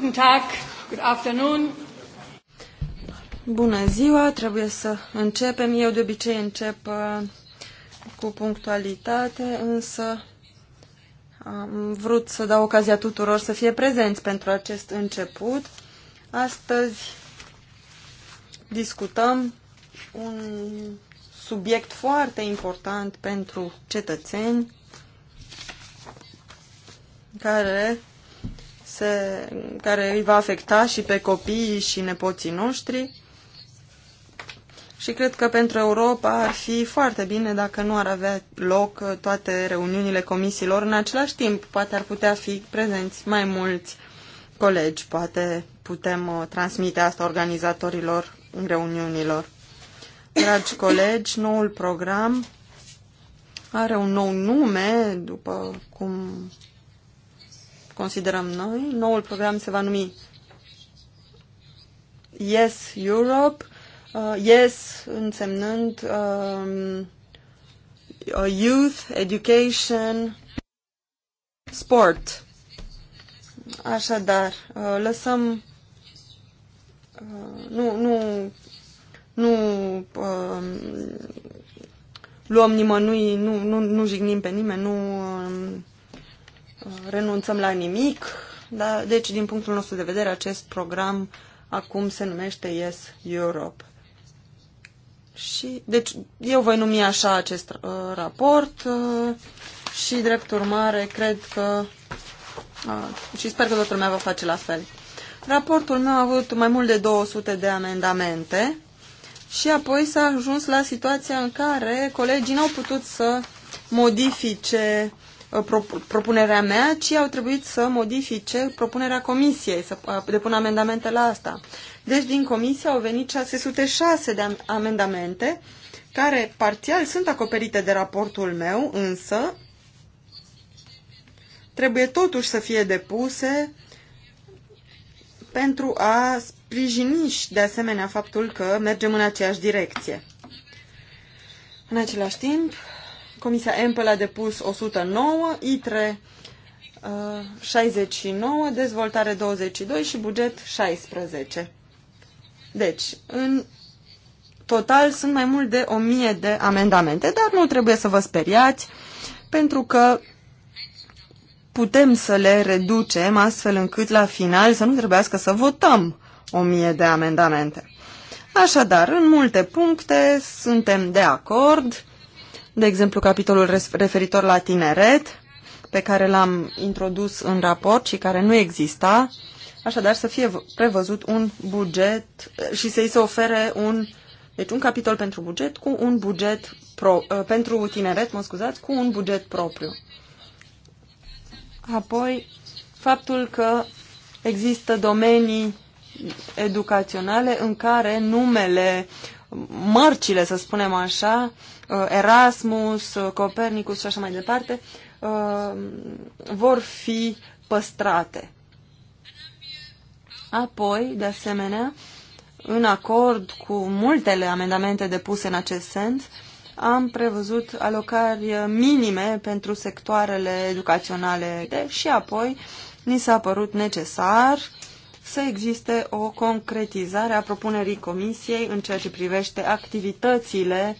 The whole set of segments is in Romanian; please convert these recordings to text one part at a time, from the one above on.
Guten Tag, good afternoon. Bună ziua, trebuie să începem. Eu de obicei încep uh, cu punctualitate, însă am vrut să dau ocazia tuturor să fie prezenți pentru acest început. Astăzi discutăm un subiect foarte important pentru cetățeni care se, care îi va afecta și pe copiii și nepoții noștri. Și cred că pentru Europa ar fi foarte bine dacă nu ar avea loc toate reuniunile comisiilor în același timp. Poate ar putea fi prezenți mai mulți colegi, poate putem uh, transmite asta organizatorilor reuniunilor. Dragi colegi, noul program are un nou nume, după cum considerăm noi. Noul program se va numi Yes Europe, uh, Yes însemnând um, uh, Youth, Education, Sport. Așadar, uh, lăsăm uh, nu, nu, nu uh, luăm nimănui, nu, nu, nu jignim pe nimeni, nu uh, renunțăm la nimic. Da? Deci, din punctul nostru de vedere, acest program acum se numește Yes Europe. Și, deci, eu voi numi așa acest uh, raport uh, și, drept urmare, cred că uh, și sper că toată lumea va face la fel. Raportul meu a avut mai mult de 200 de amendamente și apoi s-a ajuns la situația în care colegii n-au putut să modifice Uh, propunerea mea, ci au trebuit să modifice propunerea comisiei, să uh, depună amendamente la asta. Deci din comisie au venit 606 de amendamente, care parțial sunt acoperite de raportul meu, însă trebuie totuși să fie depuse pentru a sprijini și de asemenea faptul că mergem în aceeași direcție. În același timp, Comisia Empel a depus 109, ITRE 69, dezvoltare 22 și buget 16. Deci, în total sunt mai mult de 1000 de amendamente, dar nu trebuie să vă speriați, pentru că putem să le reducem astfel încât la final să nu trebuiască să votăm 1000 de amendamente. Așadar, în multe puncte suntem de acord, de exemplu capitolul referitor la tineret, pe care l-am introdus în raport și care nu exista, așadar să fie prevăzut un buget eh, și să-i se ofere un, deci un capitol pentru buget cu un buget pro, eh, pentru tineret, mă scuzați, cu un buget propriu. Apoi, faptul că există domenii educaționale în care numele mărcile, să spunem așa, uh, Erasmus, uh, Copernicus și așa mai departe, uh, vor fi păstrate. Apoi, de asemenea, în acord cu multele amendamente depuse în acest sens, am prevăzut alocări minime pentru sectoarele educaționale și apoi ni s-a părut necesar uh, să existe o concretizare a propunerii Comisiei în ceea ce privește activitățile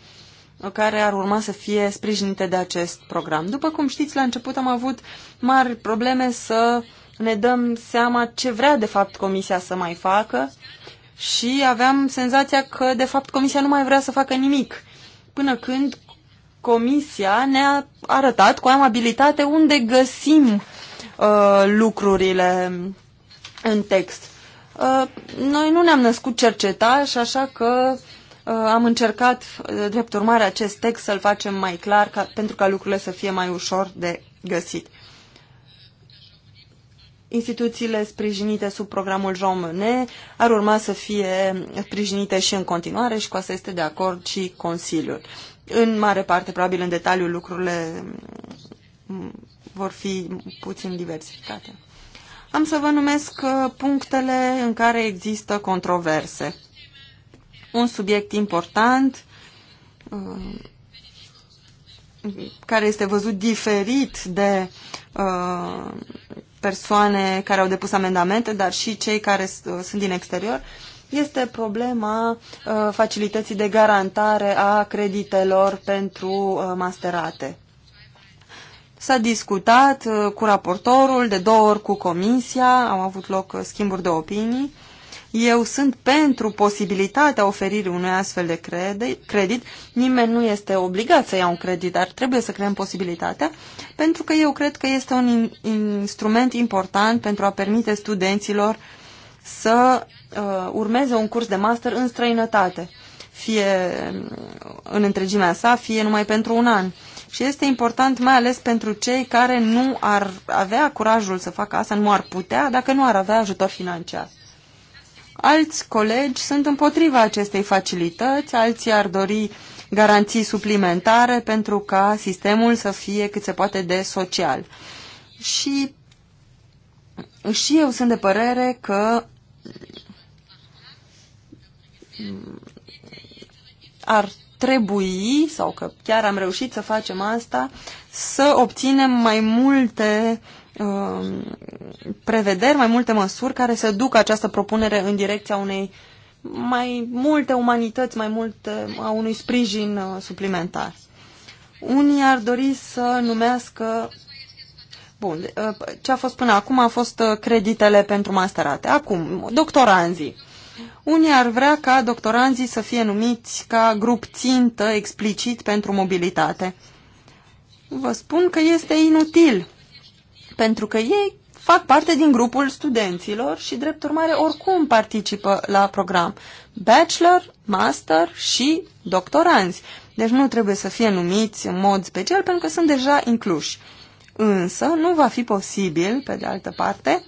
care ar urma să fie sprijinite de acest program. După cum știți, la început am avut mari probleme să ne dăm seama ce vrea de fapt Comisia să mai facă și aveam senzația că de fapt Comisia nu mai vrea să facă nimic, până când Comisia ne-a arătat cu amabilitate unde găsim uh, lucrurile în text. Uh, noi nu ne-am născut cercetași, așa că uh, am încercat, uh, drept urmare, acest text să-l facem mai clar ca, pentru ca lucrurile să fie mai ușor de găsit. Instituțiile sprijinite sub programul Jean Monnet ar urma să fie sprijinite și în continuare și cu asta este de acord și Consiliul. În mare parte, probabil în detaliu, lucrurile mm, vor fi puțin diversificate. Am să vă numesc uh, punctele în care există controverse. Un subiect important uh, care este văzut diferit de uh, persoane care au depus amendamente, dar și cei care sunt din exterior, este problema facilității de garantare a creditelor pentru masterate. S-a discutat uh, cu raportorul, de două ori cu comisia, au avut loc uh, schimburi de opinii. Eu sunt pentru posibilitatea oferirii unui astfel de credit. Nimeni nu este obligat să ia un credit, dar trebuie să creăm posibilitatea, pentru că eu cred că este un instrument important pentru a permite studenților să uh, urmeze un curs de master în străinătate, fie mm, în întregimea sa, fie numai pentru un an și este important mai ales pentru cei care nu ar avea curajul să facă asta, nu ar putea dacă nu ar avea ajutor financiar. Alți colegi sunt împotriva acestei facilități, alții ar dori garanții suplimentare pentru ca sistemul să fie cât se poate de social. Și, și eu sunt de părere că ar trebui, sau că chiar am reușit să facem asta, să obținem mai multe um, prevederi, mai multe măsuri care să ducă această propunere în direcția unei mai multe umanități, mai multe a unui sprijin uh, suplimentar. Unii ar dori să numească Bun, uh, ce a fost până acum a fost uh, creditele pentru masterate. Acum, doctoranzii. Unii ar vrea ca doctoranzii să fie numiți ca grup țintă explicit pentru mobilitate. Vă spun că este inutil, pentru că ei fac parte din grupul studenților și, drept urmare, oricum participă la program. Bachelor, master și doctoranzi. Deci nu trebuie să fie numiți în mod special pentru că sunt deja incluși. Însă nu va fi posibil, pe de altă parte,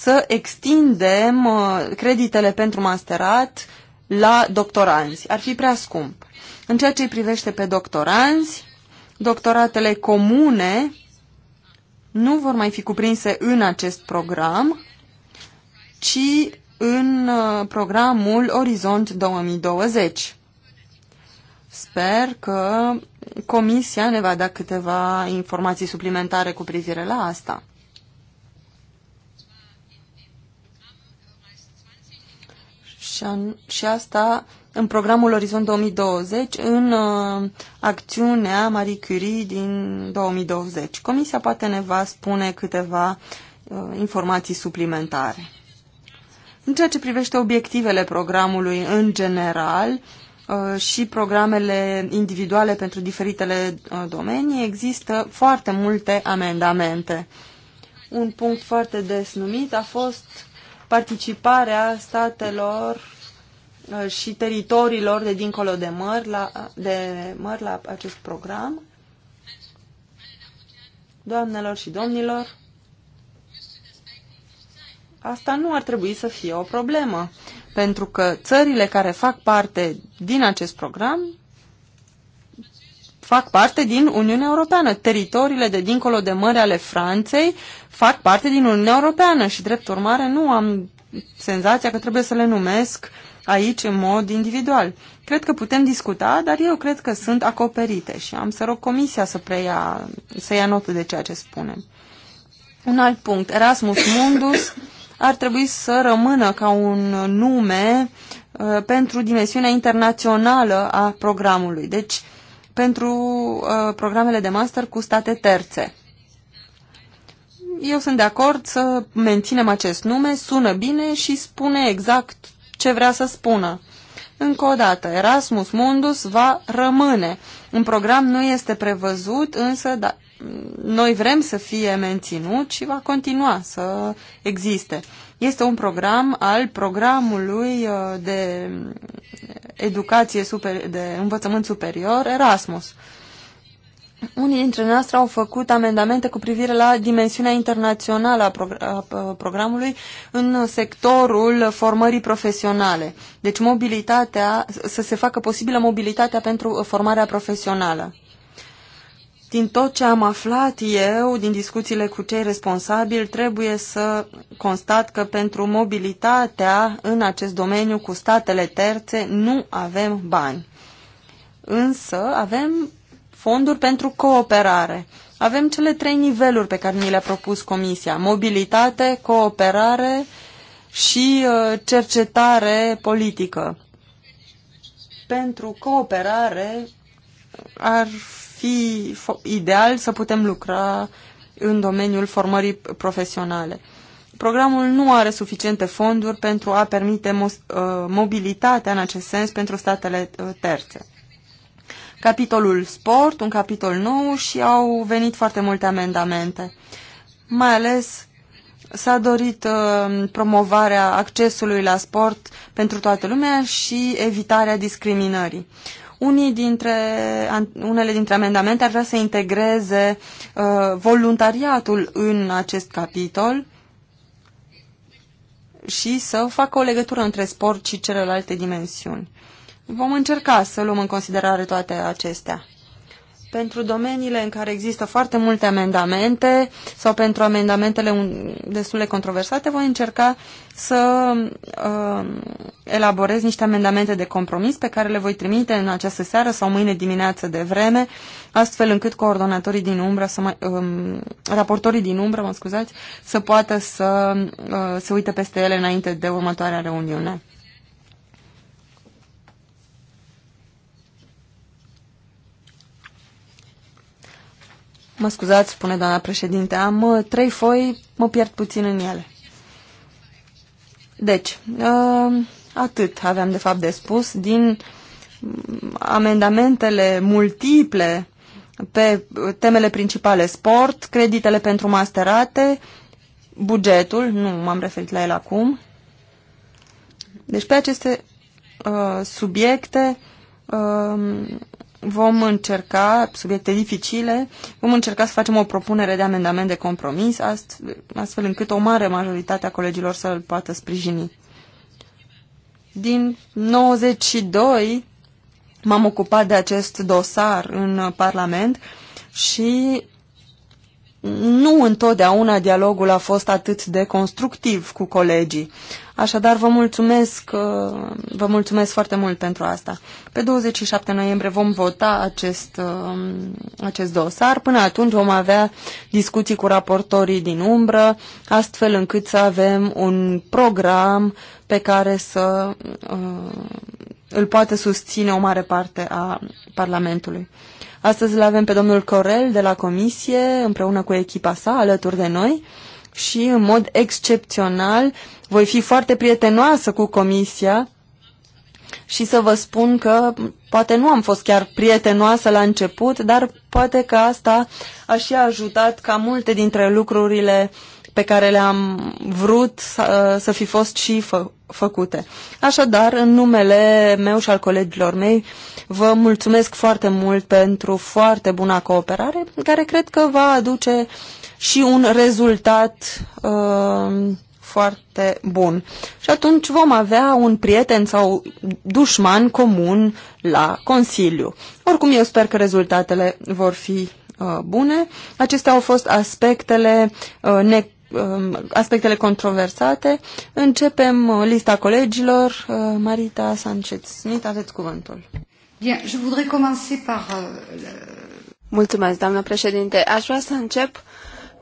să extindem uh, creditele pentru masterat la doctoranzi. Ar fi prea scump. În ceea ce îi privește pe doctoranzi, doctoratele comune nu vor mai fi cuprinse în acest program, ci în uh, programul Orizont 2020. Sper că Comisia ne va da câteva informații suplimentare cu privire la asta. și, an, și asta în programul Orizont 2020, în uh, acțiunea Marie Curie din 2020. Comisia poate ne va spune câteva uh, informații suplimentare. În ceea ce privește obiectivele programului în general uh, și programele individuale pentru diferitele uh, domenii, există foarte multe amendamente. Un punct foarte des numit a fost participarea statelor uh, și teritoriilor de dincolo de măr la, de măr la acest program. Doamnelor și domnilor, asta nu ar trebui să fie o problemă, pentru că țările care fac parte din acest program fac parte din Uniunea Europeană. Teritoriile de dincolo de mări ale Franței fac parte din Uniunea Europeană și, drept urmare, nu am senzația că trebuie să le numesc aici în mod individual. Cred că putem discuta, dar eu cred că sunt acoperite și am să rog Comisia să, preia, să ia notă de ceea ce spunem. Un alt punct, Erasmus Mundus ar trebui să rămână ca un nume uh, pentru dimensiunea internațională a programului. Deci pentru uh, programele de master cu state terțe. Eu sunt de acord să menținem acest nume, sună bine și spune exact ce vrea să spună. Încă o dată, Erasmus Mundus va rămâne. Un program nu este prevăzut, însă da, noi vrem să fie menținut și va continua să existe. Este un program al programului uh, de educație super, de învățământ superior Erasmus. Unii dintre noastre au făcut amendamente cu privire la dimensiunea internațională a, progr a programului în sectorul formării profesionale. Deci mobilitatea, să se facă posibilă mobilitatea pentru formarea profesională. Din tot ce am aflat eu, din discuțiile cu cei responsabili, trebuie să constat că pentru mobilitatea în acest domeniu cu statele terțe nu avem bani. Însă avem fonduri pentru cooperare. Avem cele trei niveluri pe care ni le-a propus Comisia. Mobilitate, cooperare și uh, cercetare politică. Pentru cooperare ar fi ideal să putem lucra în domeniul formării profesionale. Programul nu are suficiente fonduri pentru a permite uh, mobilitatea în acest sens pentru statele uh, terțe. Capitolul sport, un capitol nou și au venit foarte multe amendamente. Mai ales s-a dorit uh, promovarea accesului la sport pentru toată lumea și evitarea discriminării. Unii dintre, unele dintre amendamente ar vrea să integreze uh, voluntariatul în acest capitol și să facă o legătură între sport și celelalte dimensiuni. Vom încerca să luăm în considerare toate acestea pentru domeniile în care există foarte multe amendamente sau pentru amendamentele destul de controversate, voi încerca să uh, elaborez niște amendamente de compromis pe care le voi trimite în această seară sau mâine dimineață de vreme, astfel încât coordonatorii din umbră, să mai, um, raportorii din umbră, mă scuzați, să poată să uh, se uite peste ele înainte de următoarea reuniune. Mă scuzați, spune doamna președinte, am uh, trei foi, mă pierd puțin în ele. Deci, uh, atât aveam de fapt de spus. Din mm, amendamentele multiple pe temele principale sport, creditele pentru masterate, bugetul, nu m-am referit la el acum. Deci pe aceste uh, subiecte uh, vom încerca, subiecte dificile, vom încerca să facem o propunere de amendament de compromis, astfel încât o mare majoritate a colegilor să îl poată sprijini. Din 92 m-am ocupat de acest dosar în Parlament și nu întotdeauna dialogul a fost atât de constructiv cu colegii. Așadar, vă mulțumesc, uh, vă mulțumesc foarte mult pentru asta. Pe 27 noiembrie vom vota acest, uh, acest dosar. Până atunci vom avea discuții cu raportorii din umbră, astfel încât să avem un program pe care să uh, îl poate susține o mare parte a Parlamentului. Astăzi îl avem pe domnul Corel de la Comisie, împreună cu echipa sa, alături de noi și, în mod excepțional, voi fi foarte prietenoasă cu Comisia și să vă spun că poate nu am fost chiar prietenoasă la început, dar poate că asta a și ajutat ca multe dintre lucrurile uh, pe care le-am vrut să, să fi fost și fă, făcute. Așadar, în numele meu și al colegilor mei, vă mulțumesc foarte mult pentru foarte buna cooperare, care cred că va aduce și un rezultat uh, foarte bun. Și atunci vom avea un prieten sau dușman comun la Consiliu. Oricum, eu sper că rezultatele vor fi uh, bune. Acestea au fost aspectele uh, ne Um, aspectele controversate. Începem uh, lista colegilor. Uh, Marita Sanchez-Smith, aveți cuvântul. Bien, je voudrais commencer par... Uh, Mulțumesc, doamnă președinte. Aș vrea să încep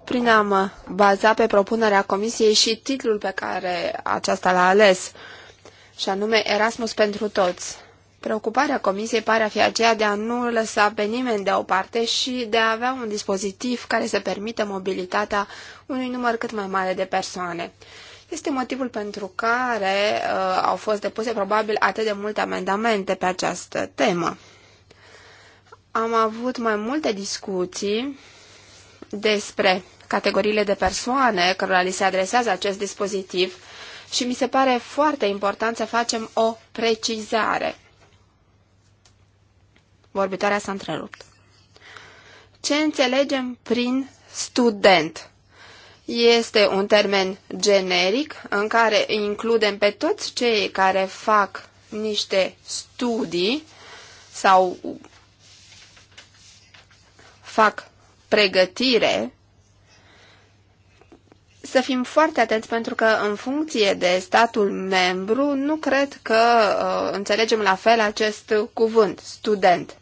prin a mă baza pe propunerea comisiei și titlul pe care aceasta l-a ales, și anume Erasmus pentru toți. Preocuparea Comisiei pare a fi aceea de a nu lăsa pe nimeni deoparte și de a avea un dispozitiv care să permită mobilitatea unui număr cât mai mare de persoane. Este motivul pentru care uh, au fost depuse probabil atât de multe amendamente pe această temă. Am avut mai multe discuții despre categoriile de persoane cărora li se adresează acest dispozitiv și mi se pare foarte important să facem o precizare. Vorbitoarea s-a întrerupt. Ce înțelegem prin student? Este un termen generic în care includem pe toți cei care fac niște studii sau fac pregătire să fim foarte atenți pentru că în funcție de statul membru nu cred că uh, înțelegem la fel acest cuvânt, student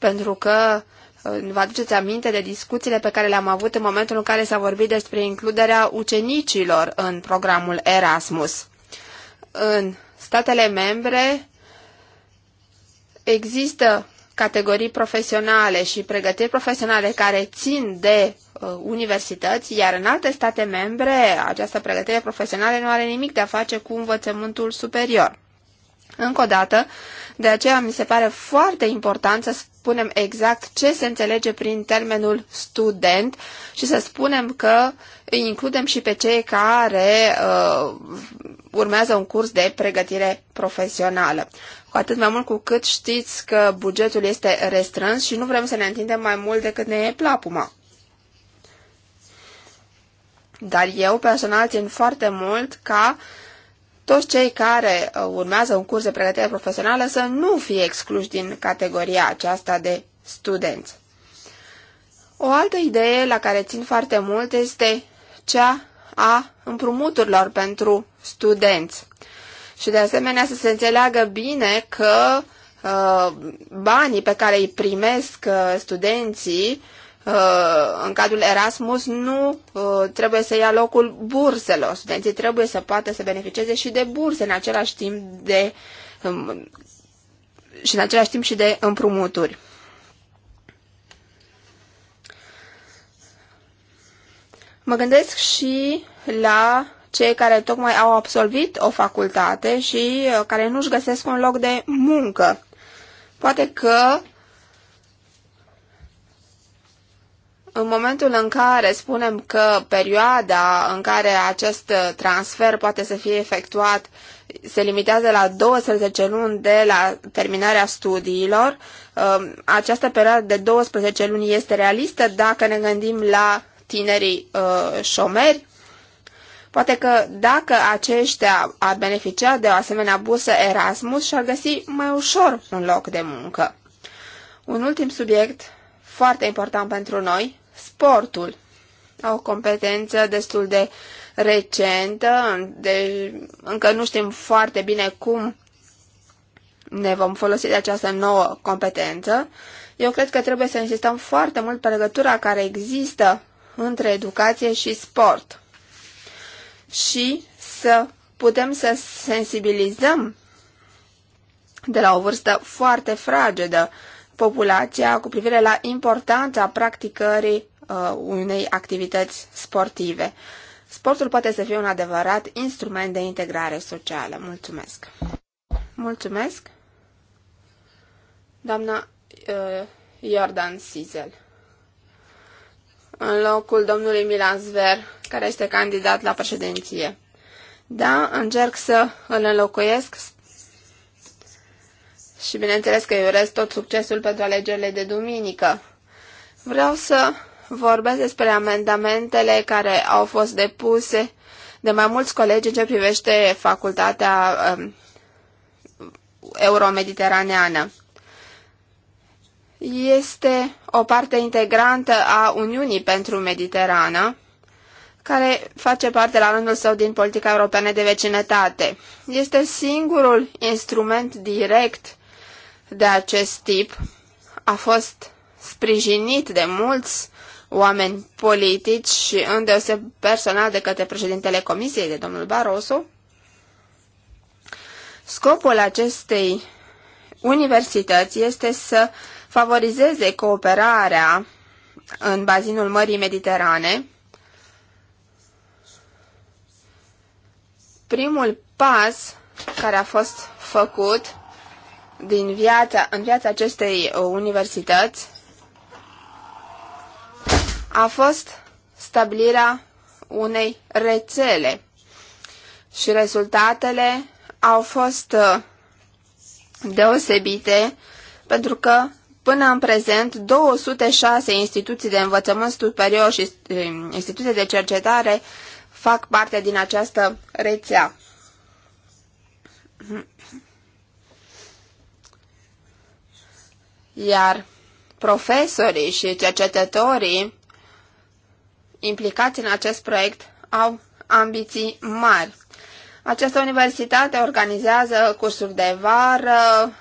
pentru că uh, vă aduceți aminte de discuțiile pe care le-am avut în momentul în care s-a vorbit despre includerea ucenicilor în programul Erasmus. În statele membre există categorii profesionale și pregătiri profesionale care țin de uh, universități, iar în alte state membre această pregătire profesională nu are nimic de a face cu învățământul superior. Încă o dată, de aceea mi se pare foarte important să spunem exact ce se înțelege prin termenul student și să spunem că îi includem și pe cei care uh, urmează un curs de pregătire profesională. Cu atât mai mult cu cât știți că bugetul este restrâns și nu vrem să ne întindem mai mult decât ne e plapuma. Dar eu personal țin foarte mult ca uh, toți cei care uh, urmează un curs de pregătire profesională să nu fie excluși din categoria aceasta de studenți. O altă idee la care țin foarte mult este cea a împrumuturilor pentru studenți. Și de asemenea să se înțeleagă bine că uh, banii pe care îi primesc uh, studenții Uh, în cadrul Erasmus nu uh, trebuie să ia locul burselor. Studenții trebuie să poată să beneficieze și de burse în același timp de um, și în același timp și de împrumuturi. Mă gândesc și la cei care tocmai au absolvit o facultate și uh, care nu-și găsesc un loc de muncă. Poate că În momentul în care spunem că perioada în care acest transfer poate să fie efectuat se limitează la 12 luni de la terminarea studiilor, um, această perioadă de 12 luni este realistă dacă ne gândim la tinerii uh, șomeri? Poate că dacă aceștia ar beneficia de o asemenea busă Erasmus și-ar găsi mai ușor un loc de muncă. Un ultim subiect foarte important pentru noi sportul. o competență destul de recentă, de, încă nu știm foarte bine cum ne vom folosi de această nouă competență. Eu cred că trebuie să insistăm foarte mult pe legătura care există între educație și sport și să putem să sensibilizăm de la o vârstă foarte fragedă populația cu privire la importanța practicării uh, unei activități sportive. Sportul poate să fie un adevărat instrument de integrare socială. Mulțumesc! Mulțumesc! Doamna uh, Jordan Sizel în locul domnului Milan Zver, care este candidat la președinție. Da, încerc să îl înlocuiesc, și bineînțeles că îi urez tot succesul pentru alegerile de duminică. Vreau să vorbesc despre amendamentele care au fost depuse de mai mulți colegi în ce privește facultatea um, euromediteraneană. Este o parte integrantă a Uniunii pentru Mediterana, care face parte la rândul său din politica europeană de vecinătate. Este singurul instrument direct de acest tip a fost sprijinit de mulți oameni politici și îndeoseb personal de către președintele Comisiei de domnul Barroso. Scopul acestei universități este să favorizeze cooperarea în bazinul Mării Mediterane. Primul pas care a fost făcut din viața, în viața acestei uh, universități a fost stabilirea unei rețele și rezultatele au fost uh, deosebite pentru că până în prezent 206 instituții de învățământ superior și uh, instituții de cercetare fac parte din această rețea. Iar profesorii și cercetătorii implicați în acest proiect au ambiții mari. Această universitate organizează cursuri de vară,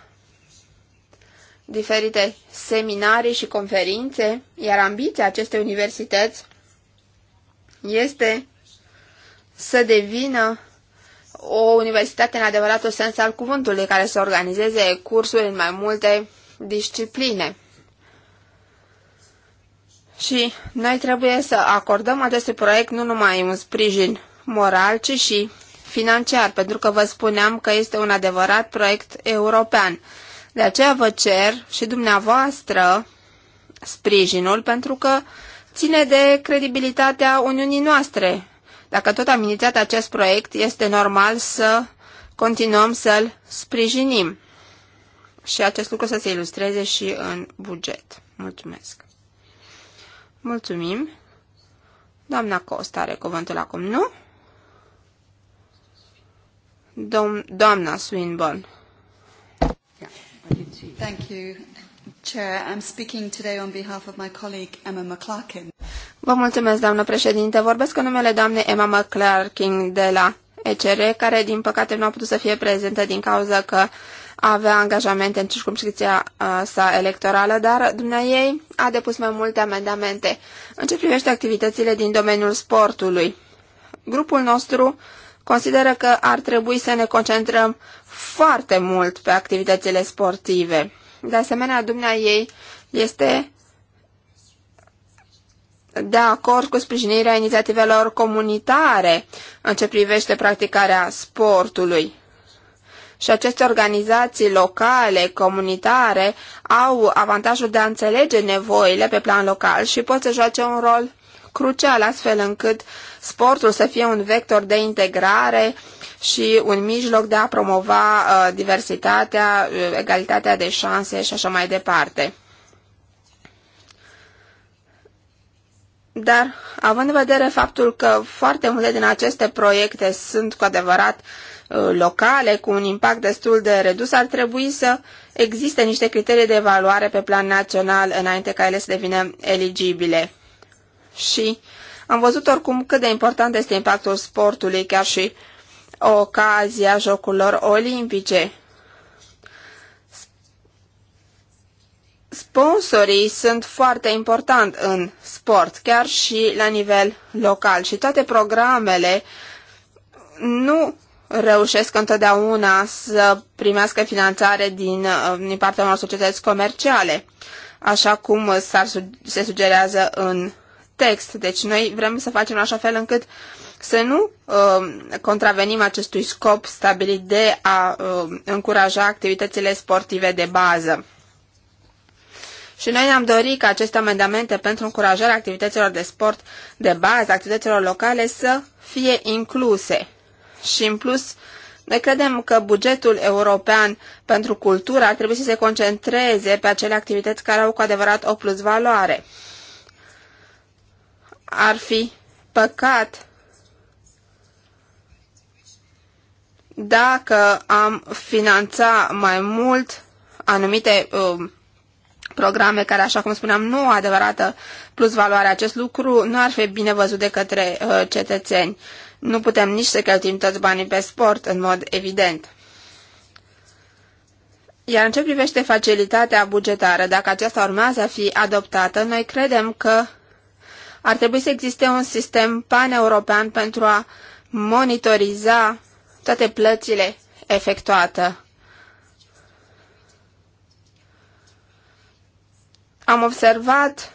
diferite seminarii și conferințe, iar ambiția acestei universități este să devină o universitate în adevăratul sens al cuvântului, care să organizeze cursuri în mai multe discipline. Și noi trebuie să acordăm acestui proiect nu numai un sprijin moral, ci și financiar, pentru că vă spuneam că este un adevărat proiect european. De aceea vă cer și dumneavoastră sprijinul, pentru că ține de credibilitatea Uniunii noastre. Dacă tot am inițiat acest proiect, este normal să continuăm să-l sprijinim și acest lucru să se ilustreze și în buget. Mulțumesc! Mulțumim! Doamna Costa are cuvântul acum, nu? Dom doamna Swinburne. Thank you. Chair, I'm speaking today on behalf of my colleague Emma McClarkin. Vă mulțumesc, doamnă președinte. Vorbesc în numele doamnei Emma McClarkin de la ECR, care din păcate nu a putut să fie prezentă din cauza că avea angajamente în circumscripția uh, sa electorală, dar dumneai a depus mai multe amendamente în ce privește activitățile din domeniul sportului. Grupul nostru consideră că ar trebui să ne concentrăm foarte mult pe activitățile sportive. De asemenea, ei este de acord cu sprijinirea inițiativelor comunitare în ce privește practicarea sportului și aceste organizații locale, comunitare, au avantajul de a înțelege nevoile pe plan local și pot să joace un rol crucial, astfel încât sportul să fie un vector de integrare și un mijloc de a promova uh, diversitatea, uh, egalitatea de șanse și așa mai departe. Dar, având în vedere faptul că foarte multe din aceste proiecte sunt cu adevărat Uh, locale cu un impact destul de redus, ar trebui să existe niște criterii de evaluare pe plan național înainte ca ele să devină eligibile. Și am văzut oricum cât de important este impactul sportului, chiar și ocazia jocurilor olimpice. Sponsorii sunt foarte important în sport, chiar și la nivel local și toate programele nu reușesc întotdeauna să primească finanțare din, din partea unor societăți comerciale, așa cum se sugerează în text. Deci noi vrem să facem așa fel încât să nu uh, contravenim acestui scop stabilit de a uh, încuraja activitățile sportive de bază. Și noi ne-am dorit ca aceste amendamente pentru încurajarea activităților de sport de bază, activităților locale, să fie incluse și în plus, ne credem că bugetul european pentru cultură ar trebui să se concentreze pe acele activități care au cu adevărat o plus valoare. Ar fi păcat dacă am finanța mai mult anumite um, programe care, așa cum spuneam, nu au adevărată plus valoare, acest lucru nu ar fi bine văzut de către uh, cetățeni. Nu putem nici să cheltuim toți banii pe sport, în mod evident. Iar în ce privește facilitatea bugetară, dacă aceasta urmează a fi adoptată, noi credem că ar trebui să existe un sistem paneuropean pentru a monitoriza toate plățile efectuate. Am observat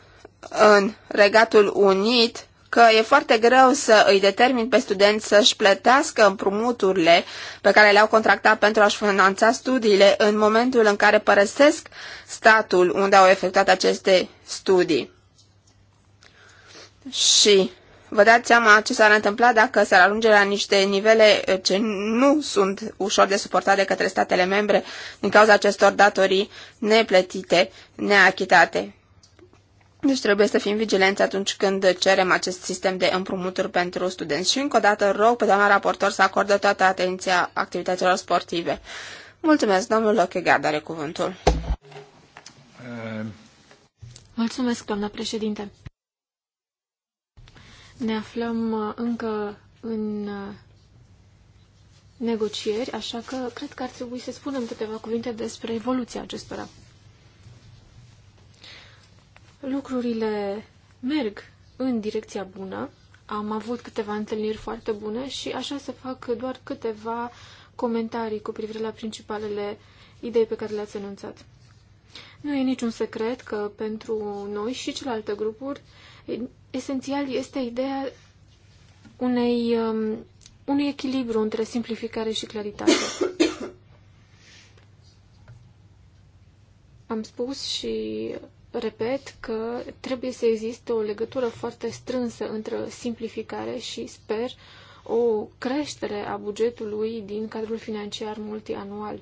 în Regatul Unit că e foarte greu să îi determin pe studenți să-și plătească împrumuturile pe care le-au contractat pentru a-și finanța studiile în momentul în care părăsesc statul unde au efectuat aceste studii. Și vă dați seama ce s-ar întâmpla dacă s-ar alunge la niște nivele ce nu sunt ușor de suportat de către statele membre din cauza acestor datorii neplătite, neachitate. Deci trebuie să fim vigilenți atunci când cerem acest sistem de împrumuturi pentru studenți. Și încă o dată rog pe doamna raportor să acordă toată atenția activităților sportive. Mulțumesc, domnul Lochegard are cuvântul. Mulțumesc, doamna președinte. Ne aflăm uh, încă în uh, negocieri, așa că cred că ar trebui să spunem câteva cuvinte despre evoluția acestora lucrurile merg în direcția bună. Am avut câteva întâlniri foarte bune și așa să fac doar câteva comentarii cu privire la principalele idei pe care le-ați anunțat. Nu e niciun secret că pentru noi și celelalte grupuri esențial este ideea unei, um, unui echilibru între simplificare și claritate. Am spus și repet că trebuie să existe o legătură foarte strânsă între simplificare și, sper, o creștere a bugetului din cadrul financiar multianual.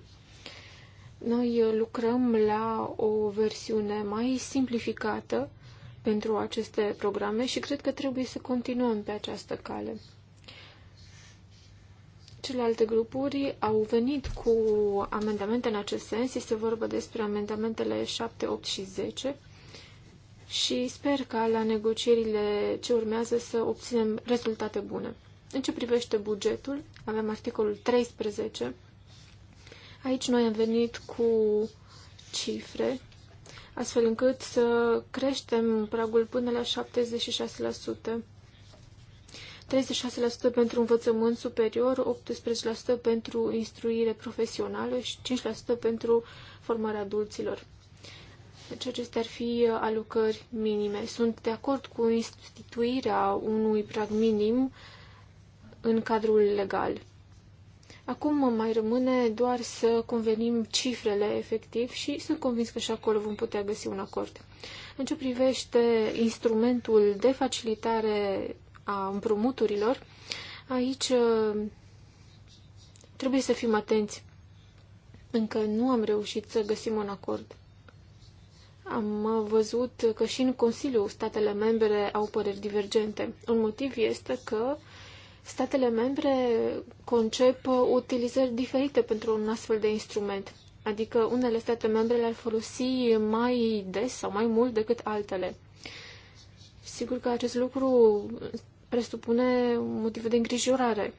Noi uh, lucrăm la o versiune mai simplificată pentru aceste programe și cred că trebuie să continuăm pe această cale. Celelalte grupuri au venit cu amendamente în acest sens. Este vorba despre amendamentele 7, 8 și 10 și sper ca la negocierile ce urmează să obținem rezultate bune. În ce privește bugetul, avem articolul 13. Aici noi am venit cu cifre, astfel încât să creștem pragul până la 76%. 36% pentru învățământ superior, 18% pentru instruire profesională și 5% pentru formarea adulților. Deci acestea ar fi alocări minime. Sunt de acord cu instituirea unui prag minim în cadrul legal. Acum mai rămâne doar să convenim cifrele efectiv și sunt convins că și acolo vom putea găsi un acord. În ce privește instrumentul de facilitare a împrumuturilor, aici uh, trebuie să fim atenți. Încă nu am reușit să găsim un acord. Am uh, văzut că și în Consiliu statele membre au păreri divergente. Un motiv este că statele membre concep uh, utilizări diferite pentru un astfel de instrument. Adică unele state membre le-ar folosi mai des sau mai mult decât altele. Sigur că acest lucru presupune motiv de îngrijorare.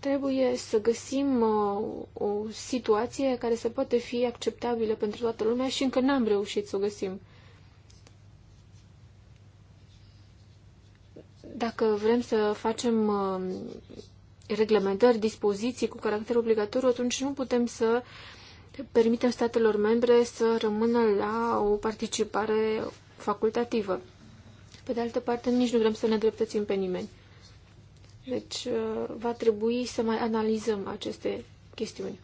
Trebuie să găsim uh, o situație care să poate fi acceptabilă pentru toată lumea și încă n-am reușit să o găsim. Dacă vrem să facem uh, reglementări, dispoziții cu caracter obligatoriu, atunci nu putem să permitem statelor membre să rămână la o participare facultativă. Pe de altă parte, nici nu vrem să ne dreptățim pe nimeni. Deci, uh, va trebui să mai analizăm aceste chestiuni.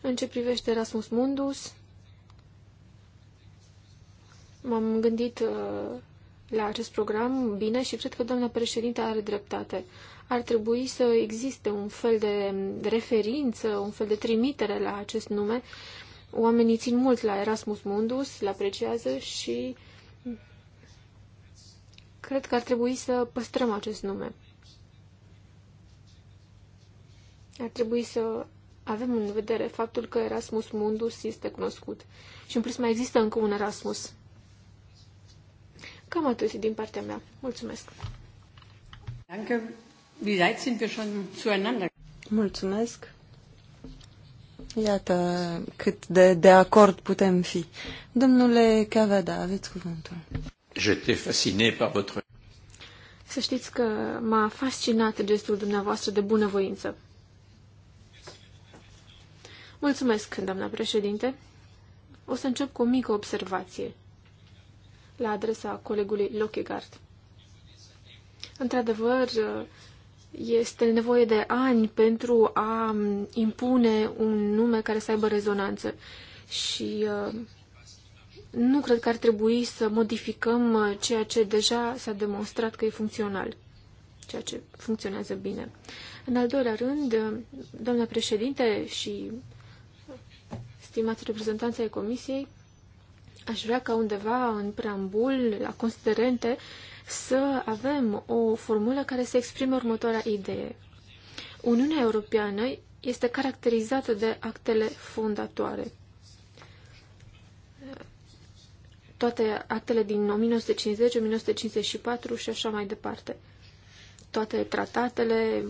În ce privește Erasmus Mundus, m-am gândit uh, la acest program bine și cred că doamna președinte are dreptate. Ar trebui să existe un fel de referință, un fel de trimitere la acest nume, Oamenii țin mult la Erasmus Mundus, îl apreciază și cred că ar trebui să păstrăm acest nume. Ar trebui să avem în vedere faptul că Erasmus Mundus este cunoscut. Și în plus mai există încă un Erasmus. Cam atât din partea mea. Mulțumesc. Danke. Wie sind wir schon zueinander? Mulțumesc. Iată cât de, de acord putem fi. Domnule Cavada, aveți cuvântul. par votre... Să știți că m-a fascinat gestul dumneavoastră de bunăvoință. Mulțumesc, doamna președinte. O să încep cu o mică observație la adresa colegului Lockegart. Într-adevăr, este nevoie de ani pentru a impune un nume care să aibă rezonanță. Și uh, nu cred că ar trebui să modificăm uh, ceea ce deja s-a demonstrat că e funcțional, ceea ce funcționează bine. În al doilea rând, uh, doamna președinte și stimați reprezentanța ai Comisiei, aș vrea ca undeva în preambul, la considerente, să avem o formulă care să exprime următoarea idee. Uniunea Europeană este caracterizată de actele fondatoare. Toate actele din 1950, 1954 și așa mai departe. Toate tratatele,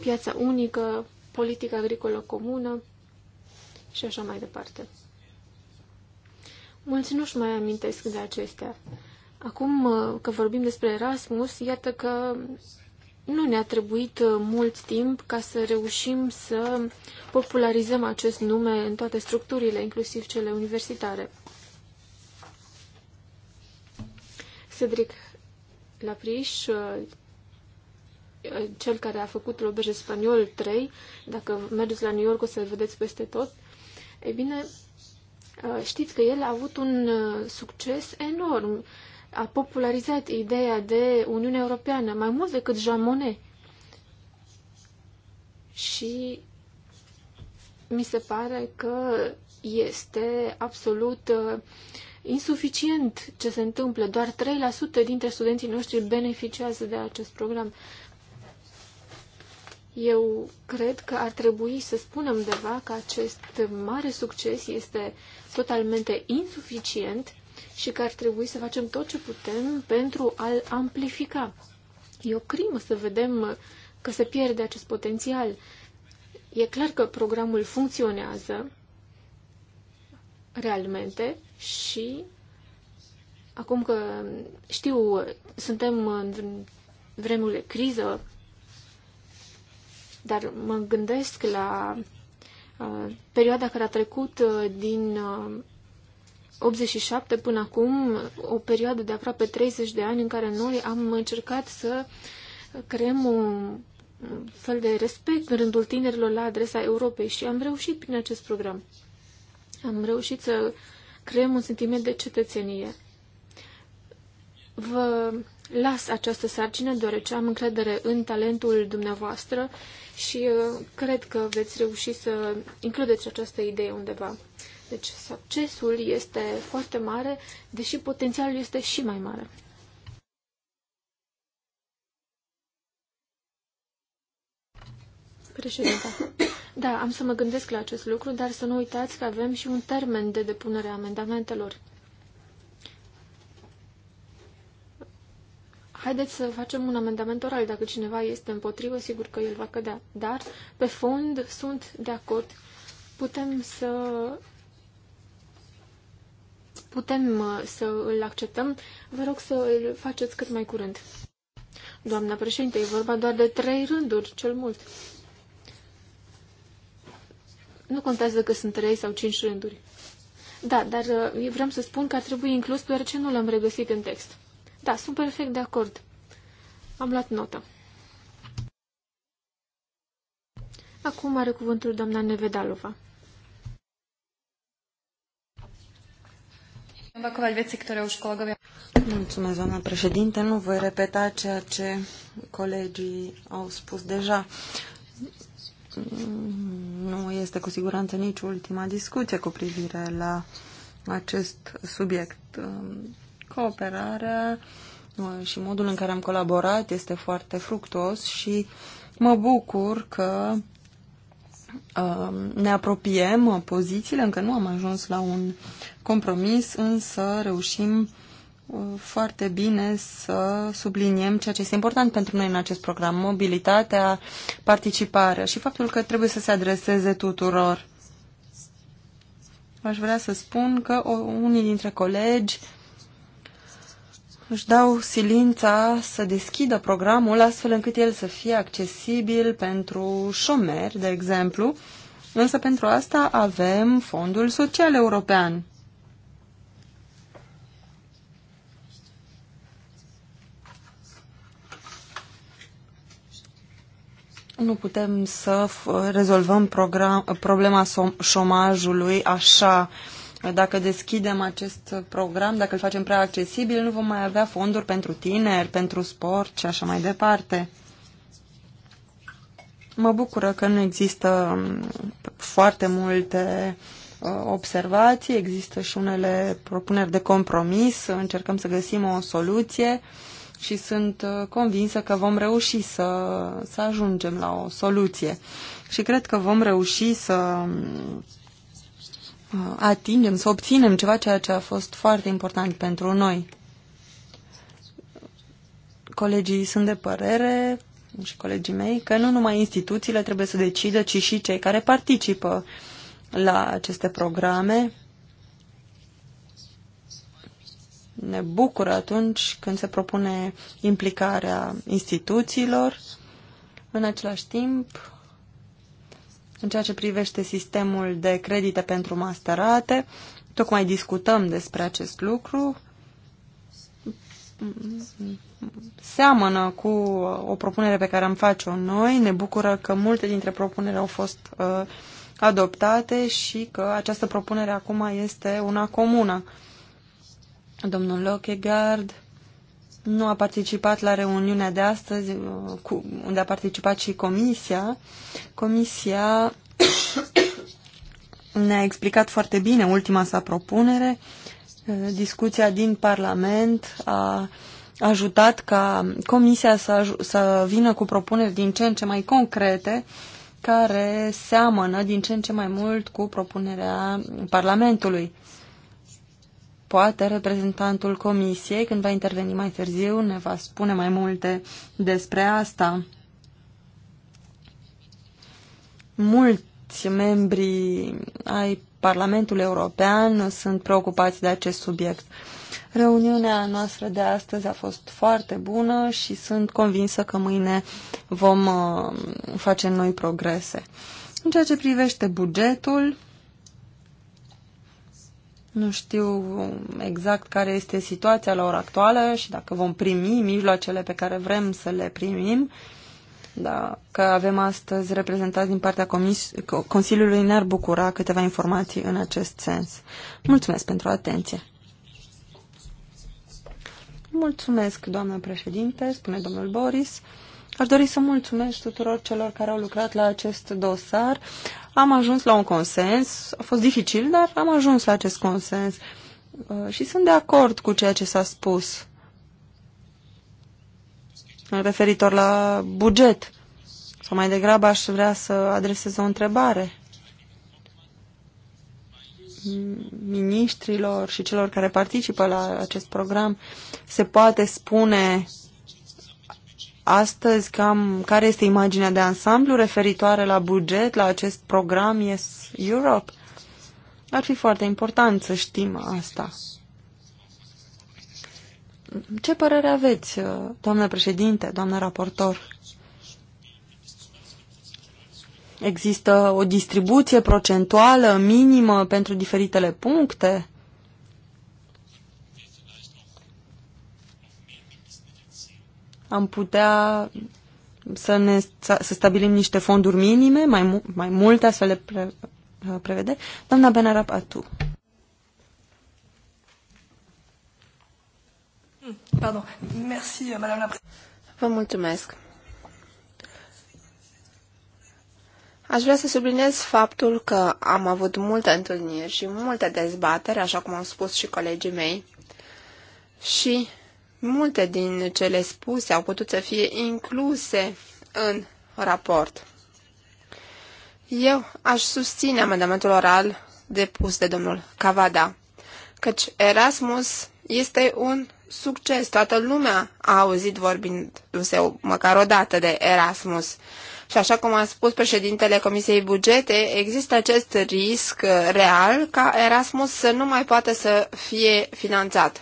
piața unică, politica agricolă comună și așa mai departe. Mulți nu-și mai amintesc de acestea. Acum uh, că vorbim despre Erasmus, iată că nu ne-a trebuit uh, mult timp ca să reușim să popularizăm acest nume în toate structurile, inclusiv cele universitare. Cedric Lapriș, uh, cel care a făcut Loberge Spaniol 3, dacă mergeți la New York o să-l vedeți peste tot, e bine, știți că el a avut un succes enorm a popularizat ideea de Uniune Europeană, mai mult decât Jean Monnet. Și mi se pare că este absolut uh, insuficient ce se întâmplă. Doar 3% dintre studenții noștri beneficiază de acest program. Eu cred că ar trebui să spunem deva că acest mare succes este totalmente insuficient și că ar trebui să facem tot ce putem pentru a-l amplifica. E o crimă să vedem că se pierde acest potențial. E clar că programul funcționează realmente și acum că știu, suntem în vremurile de criză, dar mă gândesc la uh, perioada care a trecut uh, din uh, 87 până acum, o perioadă de aproape 30 de ani în care noi am încercat să creăm un fel de respect în rândul tinerilor la adresa Europei și am reușit prin acest program. Am reușit să creăm un sentiment de cetățenie. Vă las această sarcină deoarece am încredere în talentul dumneavoastră și uh, cred că veți reuși să includeți această idee undeva. Deci succesul este foarte mare, deși potențialul este și mai mare. Președinte. Da, am să mă gândesc la acest lucru, dar să nu uitați că avem și un termen de depunere a amendamentelor. Haideți să facem un amendament oral. Dacă cineva este împotrivă, sigur că el va cădea. Dar, pe fond, sunt de acord. Putem să putem uh, să îl acceptăm, vă rog să îl faceți cât mai curând. Doamna președinte, e vorba doar de trei rânduri, cel mult. Nu contează că sunt trei sau cinci rânduri. Da, dar uh, vreau să spun că ar trebui inclus deoarece nu l-am regăsit în text. Da, sunt perfect de acord. Am luat notă. Acum are cuvântul doamna Nevedalova. Mulțumesc, doamna președinte. Nu voi repeta ceea ce colegii au spus deja. Nu este cu siguranță nici ultima discuție cu privire la acest subiect. Cooperarea uh, și modul în care am colaborat este foarte fructuos și mă bucur că Um, ne apropiem pozițiile, încă nu am ajuns la un compromis, însă reușim uh, foarte bine să subliniem ceea ce este important pentru noi în acest program, mobilitatea, participarea și faptul că trebuie să se adreseze tuturor. Aș vrea să spun că unii dintre colegi își dau silința să deschidă programul astfel încât el să fie accesibil pentru șomeri, de exemplu, însă pentru asta avem Fondul Social European. Nu putem să rezolvăm program, problema șomajului așa uh, dacă deschidem acest program, dacă îl facem prea accesibil, nu vom mai avea fonduri pentru tineri, pentru sport și așa mai departe. Mă bucură că nu există um, foarte multe uh, observații, există și unele propuneri de compromis, încercăm să găsim o soluție și sunt uh, convinsă că vom reuși să, să ajungem la o soluție. Și cred că vom reuși să um, Uh, atingem, să obținem ceva ceea ce a fost foarte important pentru noi. Colegii sunt de părere și colegii mei că nu numai instituțiile trebuie să decidă, ci și cei care participă la aceste programe. Ne bucură atunci când se propune implicarea instituțiilor. În același timp, în ceea ce privește sistemul de credite pentru masterate, tocmai discutăm despre acest lucru. Seamănă cu o propunere pe care am face-o noi. Ne bucură că multe dintre propuneri au fost uh, adoptate și că această propunere acum este una comună. Domnul Lockegard nu a participat la reuniunea de astăzi, uh, cu, unde a participat și comisia. Comisia ne-a explicat foarte bine ultima sa propunere. Uh, discuția din Parlament a ajutat ca comisia să, să vină cu propuneri din ce în ce mai concrete, care seamănă din ce în ce mai mult cu propunerea Parlamentului. Poate reprezentantul comisiei, când va interveni mai târziu, ne va spune mai multe despre asta. Mulți membri ai Parlamentului European sunt preocupați de acest subiect. Reuniunea noastră de astăzi a fost foarte bună și sunt convinsă că mâine vom uh, face noi progrese. În ceea ce privește bugetul, nu știu exact care este situația la ora actuală și dacă vom primi mijloacele pe care vrem să le primim. Dacă avem astăzi reprezentați din partea comis Consiliului, ne-ar bucura câteva informații în acest sens. Mulțumesc pentru atenție. Mulțumesc, doamnă președinte, spune domnul Boris. Aș dori să mulțumesc tuturor celor care au lucrat la acest dosar. Am ajuns la un consens, a fost dificil, dar am ajuns la acest consens. Uh, și sunt de acord cu ceea ce s-a spus referitor la buget. Sau mai degrabă aș vrea să adresez o întrebare ministrilor și celor care participă la acest program, se poate spune astăzi cam care este imaginea de ansamblu referitoare la buget, la acest program Yes Europe? Ar fi foarte important să știm asta. Ce părere aveți, doamnă președinte, doamnă raportor? Există o distribuție procentuală minimă pentru diferitele puncte? am putea să, ne, să stabilim niște fonduri minime, mai, mu mai multe astfel de pre, uh, prevede. Doamna Benarab, Atu. Hmm, pardon. Merci, Madame la Vă mulțumesc. Aș vrea să subliniez faptul că am avut multe întâlniri și multe dezbateri, așa cum au spus și colegii mei, și Multe din cele spuse au putut să fie incluse în raport. Eu aș susține amendamentul oral depus de domnul Cavada, căci Erasmus este un succes. Toată lumea a auzit vorbindu-se măcar o dată de Erasmus. Și așa cum a spus președintele Comisiei Bugete, există acest risc real ca Erasmus să nu mai poată să fie finanțat.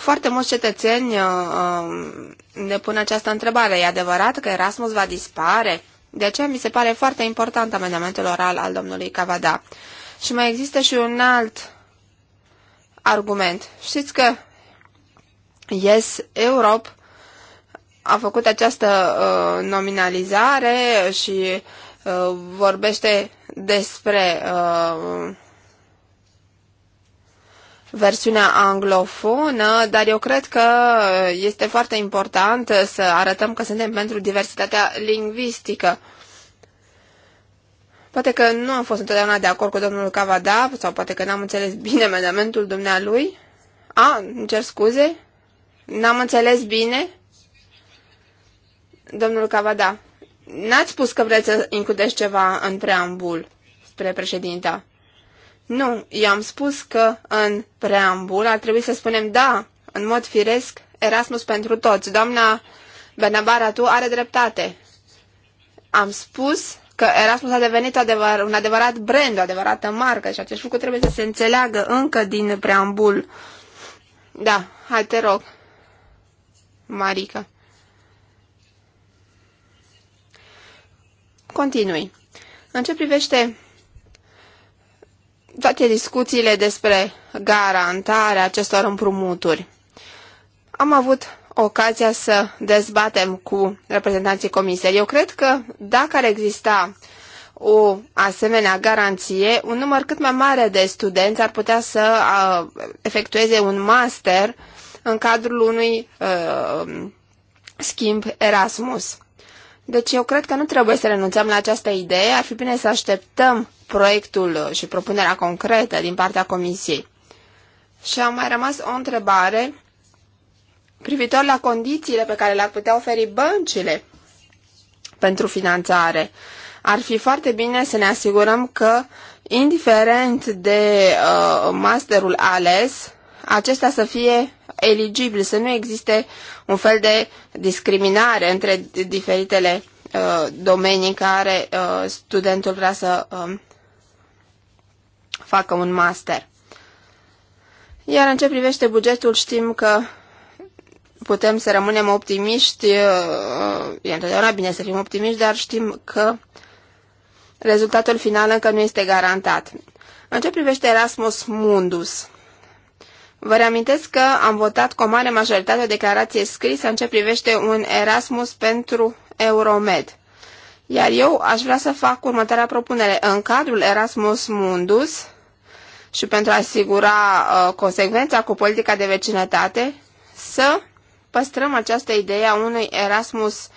Foarte mulți cetățeni uh, uh, ne pun această întrebare. E adevărat că Erasmus va dispare? De aceea mi se pare foarte important amendamentul oral al domnului Cavada. Și mai există și un alt argument. Știți că Yes Europe a făcut această uh, nominalizare și uh, vorbește despre uh, versiunea anglofonă, dar eu cred că este foarte important să arătăm că suntem pentru diversitatea lingvistică. Poate că nu am fost întotdeauna de acord cu domnul Cavada, sau poate că n-am înțeles bine amendamentul dumnealui. A, îmi cer scuze? N-am înțeles bine? Domnul Cavada, n-ați spus că vreți să includeți ceva în preambul spre președinta. Nu, i-am spus că în preambul ar trebui să spunem da, în mod firesc, Erasmus pentru toți. Doamna Benabara, tu are dreptate. Am spus că Erasmus a devenit adevăr, un adevărat brand, o adevărată marcă și acest lucru trebuie să se înțeleagă încă din preambul. Da, hai te rog, Marica. Continui. În ce privește toate discuțiile despre garantarea acestor împrumuturi. Am avut ocazia să dezbatem cu reprezentanții comisiei. Eu cred că dacă ar exista o asemenea garanție, un număr cât mai mare de studenți ar putea să efectueze un master în cadrul unui uh, schimb Erasmus. Deci eu cred că nu trebuie să renunțăm la această idee, ar fi bine să așteptăm proiectul și propunerea concretă din partea Comisiei. Și a mai rămas o întrebare privitor la condițiile pe care le-ar putea oferi băncile pentru finanțare. Ar fi foarte bine să ne asigurăm că, indiferent de uh, masterul ales, acesta să fie Eligibil, să nu existe un fel de discriminare între diferitele uh, domenii în care uh, studentul vrea să um, facă un master. Iar în ce privește bugetul, știm că putem să rămânem optimiști, uh, e întotdeauna bine să fim optimiști, dar știm că rezultatul final încă nu este garantat. În ce privește Erasmus Mundus, Vă reamintesc că am votat cu o mare majoritate o declarație scrisă în ce privește un Erasmus pentru Euromed. Iar eu aș vrea să fac următoarea propunere. În cadrul Erasmus Mundus și pentru a asigura uh, consecvența cu politica de vecinătate, să păstrăm această idee a unui Erasmus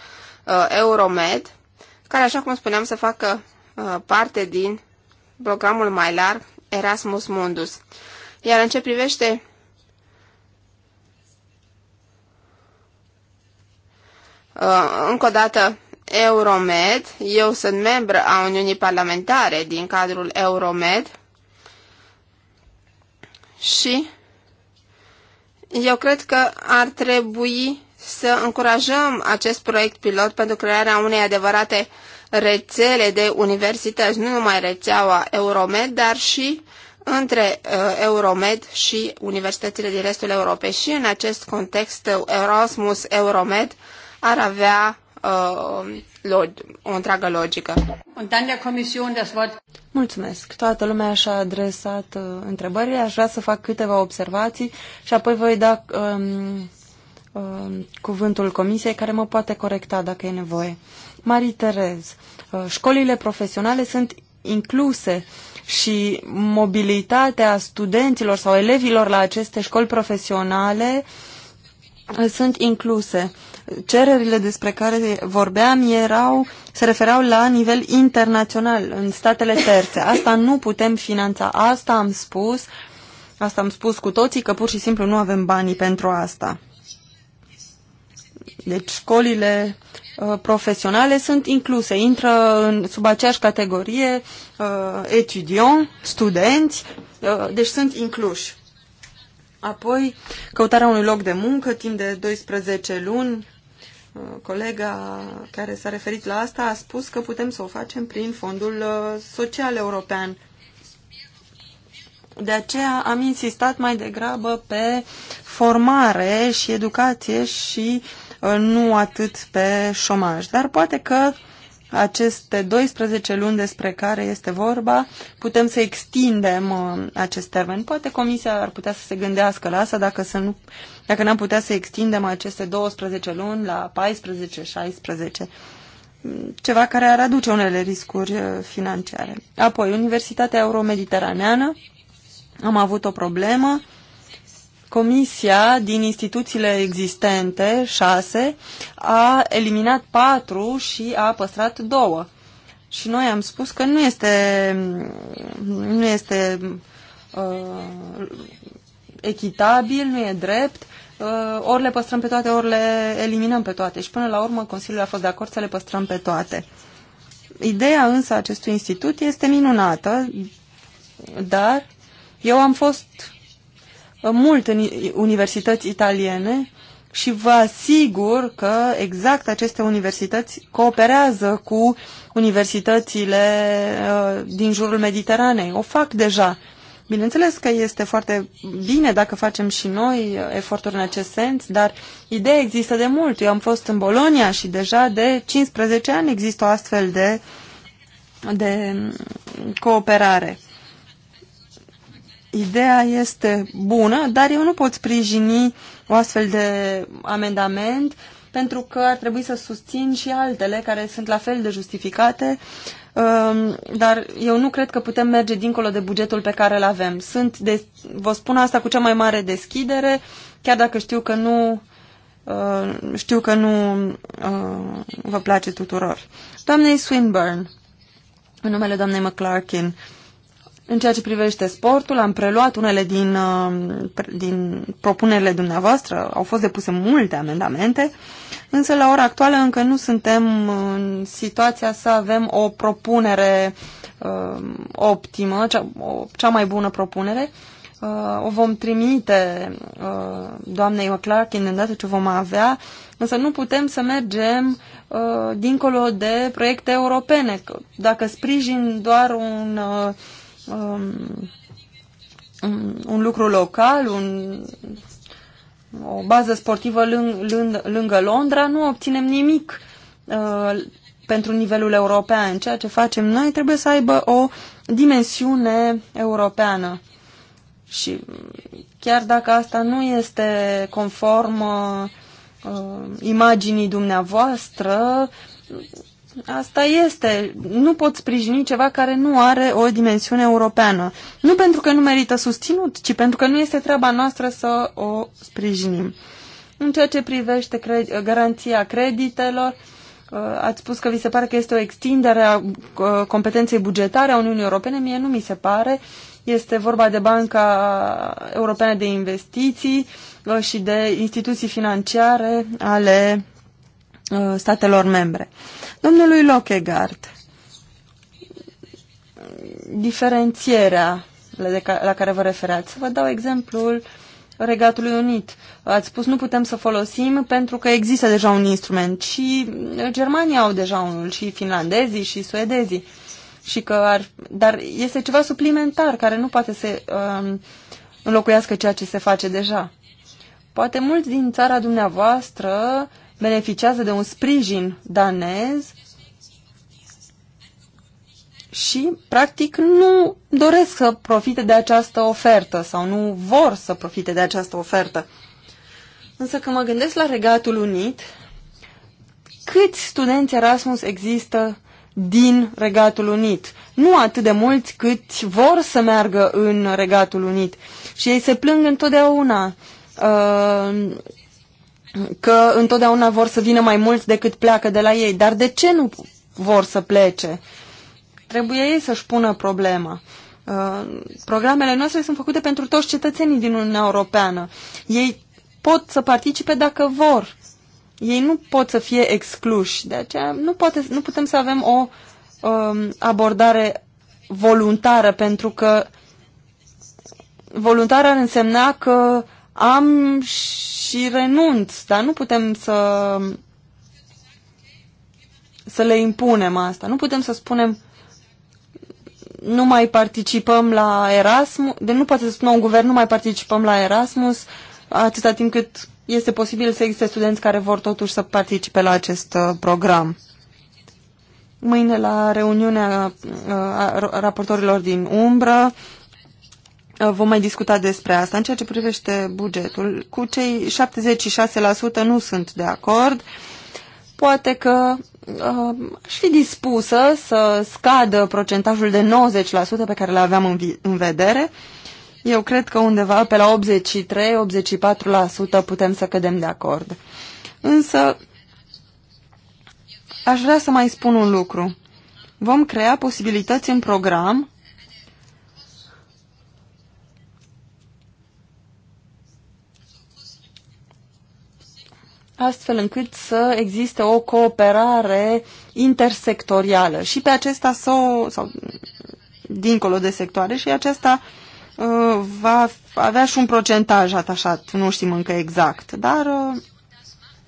uh, Euromed, care, așa cum spuneam, să facă uh, parte din programul mai larg Erasmus Mundus. Iar în ce privește Uh, încă o dată, Euromed, eu sunt membru a Uniunii Parlamentare din cadrul Euromed și eu cred că ar trebui să încurajăm acest proiect pilot pentru crearea unei adevărate rețele de universități, nu numai rețeaua Euromed, dar și între uh, Euromed și universitățile din restul Europei. Și în acest context, Erasmus Euromed ar avea uh, o întreagă logică. Mulțumesc. Toată lumea și-a adresat uh, întrebările. Aș vrea să fac câteva observații și apoi voi da um, um, cuvântul comisiei care mă poate corecta dacă e nevoie. Marie Terez, uh, școlile profesionale sunt incluse și mobilitatea studenților sau elevilor la aceste școli profesionale uh, sunt incluse. Cererile despre care vorbeam erau, se refereau la nivel internațional, în statele terțe. Asta nu putem finanța. Asta am spus, asta am spus cu toții, că pur și simplu nu avem banii pentru asta. Deci școlile uh, profesionale sunt incluse, intră în, sub aceeași categorie uh, etudiant, studenți, uh, deci sunt incluși. Apoi, căutarea unui loc de muncă timp de 12 luni. Uh, colega care s-a referit la asta a spus că putem să o facem prin Fondul uh, Social European. De aceea am insistat mai degrabă pe formare și educație și uh, nu atât pe șomaj. Dar poate că uh, aceste 12 luni despre care este vorba, putem să extindem uh, acest termen. Poate comisia ar putea să se gândească la asta dacă, să nu, dacă n-am putea să extindem aceste 12 luni la 14-16 ceva care ar aduce unele riscuri uh, financiare. Apoi, Universitatea Euromediteraneană, am avut o problemă Comisia din instituțiile existente, șase, a eliminat patru și a păstrat două. Și noi am spus că nu este, nu este uh, echitabil, nu e drept, uh, ori le păstrăm pe toate, ori le eliminăm pe toate. Și până la urmă Consiliul a fost de acord să le păstrăm pe toate. Ideea însă acestui institut este minunată, dar eu am fost mult în universități italiene și vă asigur că exact aceste universități cooperează cu universitățile uh, din jurul Mediteranei. O fac deja. Bineînțeles că este foarte bine dacă facem și noi eforturi în acest sens, dar ideea există de mult. Eu am fost în Bolonia și deja de 15 ani există o astfel de, de cooperare. Ideea este bună, dar eu nu pot sprijini o astfel de amendament pentru că ar trebui să susțin și altele care sunt la fel de justificate, um, dar eu nu cred că putem merge dincolo de bugetul pe care îl avem. Sunt de, vă spun asta cu cea mai mare deschidere, chiar dacă știu că nu uh, știu că nu uh, vă place tuturor. Doamnei Swinburne, în numele doamnei McClarkin, în ceea ce privește sportul, am preluat unele din, uh, din propunerile dumneavoastră, au fost depuse multe amendamente, însă la ora actuală încă nu suntem în situația să avem o propunere uh, optimă, cea, o, cea mai bună propunere. Uh, o vom trimite uh, doamnei când îndată ce vom avea, însă nu putem să mergem uh, dincolo de proiecte europene. Dacă sprijin doar un uh, um, un lucru local, un, o bază sportivă lâng, lâng, lângă Londra, nu obținem nimic uh, pentru nivelul european. Ceea ce facem noi trebuie să aibă o dimensiune europeană. Și chiar dacă asta nu este conform uh, imaginii dumneavoastră, Asta este. Nu pot sprijini ceva care nu are o dimensiune europeană. Nu pentru că nu merită susținut, ci pentru că nu este treaba noastră să o sprijinim. În ceea ce privește cre- garanția creditelor, uh, ați spus că vi se pare că este o extindere a uh, competenței bugetare a Uniunii Europene. Mie nu mi se pare. Este vorba de Banca Europeană de Investiții uh, și de instituții financiare ale statelor membre. Domnului Lockegart, diferențierea la care vă referați, să vă dau exemplul Regatului Unit. Ați spus nu putem să folosim pentru că există deja un instrument și Germania au deja unul și finlandezii și suedezii. Și că ar, dar este ceva suplimentar care nu poate să um, înlocuiască ceea ce se face deja. Poate mulți din țara dumneavoastră uh, beneficiază de un sprijin danez și, practic, nu doresc să profite de această ofertă sau nu vor să profite de această ofertă. Însă când mă gândesc la Regatul Unit, câți studenți Erasmus există din Regatul Unit? Nu atât de mulți cât vor să meargă în Regatul Unit. Și ei se plâng întotdeauna. Uh, că întotdeauna vor să vină mai mulți decât pleacă de la ei. Dar de ce nu vor să plece? Trebuie ei să-și pună problema. Uh, programele noastre sunt făcute pentru toți cetățenii din Uniunea Europeană. Ei pot să participe dacă vor. Ei nu pot să fie excluși. De aceea nu, poate, nu putem să avem o um, abordare voluntară, pentru că voluntară ar însemna că am și renunț, dar nu putem să, să le impunem asta. Nu putem să spunem nu mai participăm la Erasmus, de deci nu poate să spună un guvern nu mai participăm la Erasmus atâta timp cât este posibil să existe studenți care vor totuși să participe la acest uh, program. Mâine la reuniunea uh, raportorilor din umbră Uh, vom mai discuta despre asta. În ceea ce privește bugetul, cu cei 76% nu sunt de acord. Poate că uh, aș fi dispusă să scadă procentajul de 90% pe care le aveam în, în vedere. Eu cred că undeva pe la 83-84% putem să cădem de acord. Însă, aș vrea să mai spun un lucru. Vom crea posibilități în program astfel încât să existe o cooperare intersectorială și pe acesta sau, sau dincolo de sectoare și acesta uh, va avea și un procentaj atașat, nu știm încă exact, dar uh,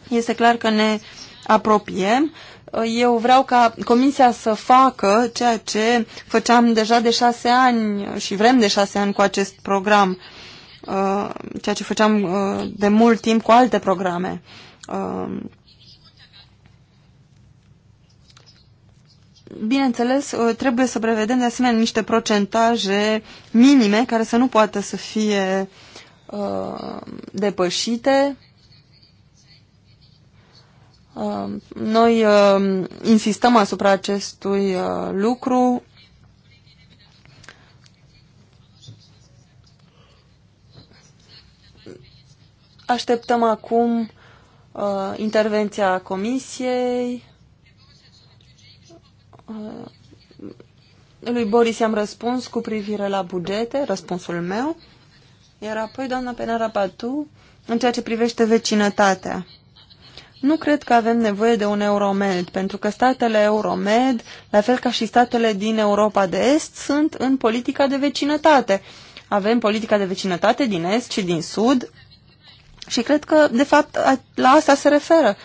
este clar că ne apropiem. Uh, eu vreau ca Comisia să facă ceea ce făceam deja de șase ani și vrem de șase ani cu acest program, uh, ceea ce făceam uh, de mult timp cu alte programe. Um, bineînțeles, uh, trebuie să prevedem de asemenea niște procentaje minime care să nu poată să fie uh, depășite. Uh, noi uh, insistăm asupra acestui uh, lucru. Așteptăm acum uh, intervenția comisiei. Uh, lui Boris am răspuns cu privire la bugete, răspunsul meu, iar apoi doamna Penara Patu în ceea ce privește vecinătatea. Nu cred că avem nevoie de un Euromed, pentru că statele Euromed, la fel ca și statele din Europa de Est, sunt în politica de vecinătate. Avem politica de vecinătate din Est și din Sud, și cred că, de fapt, la asta se referă.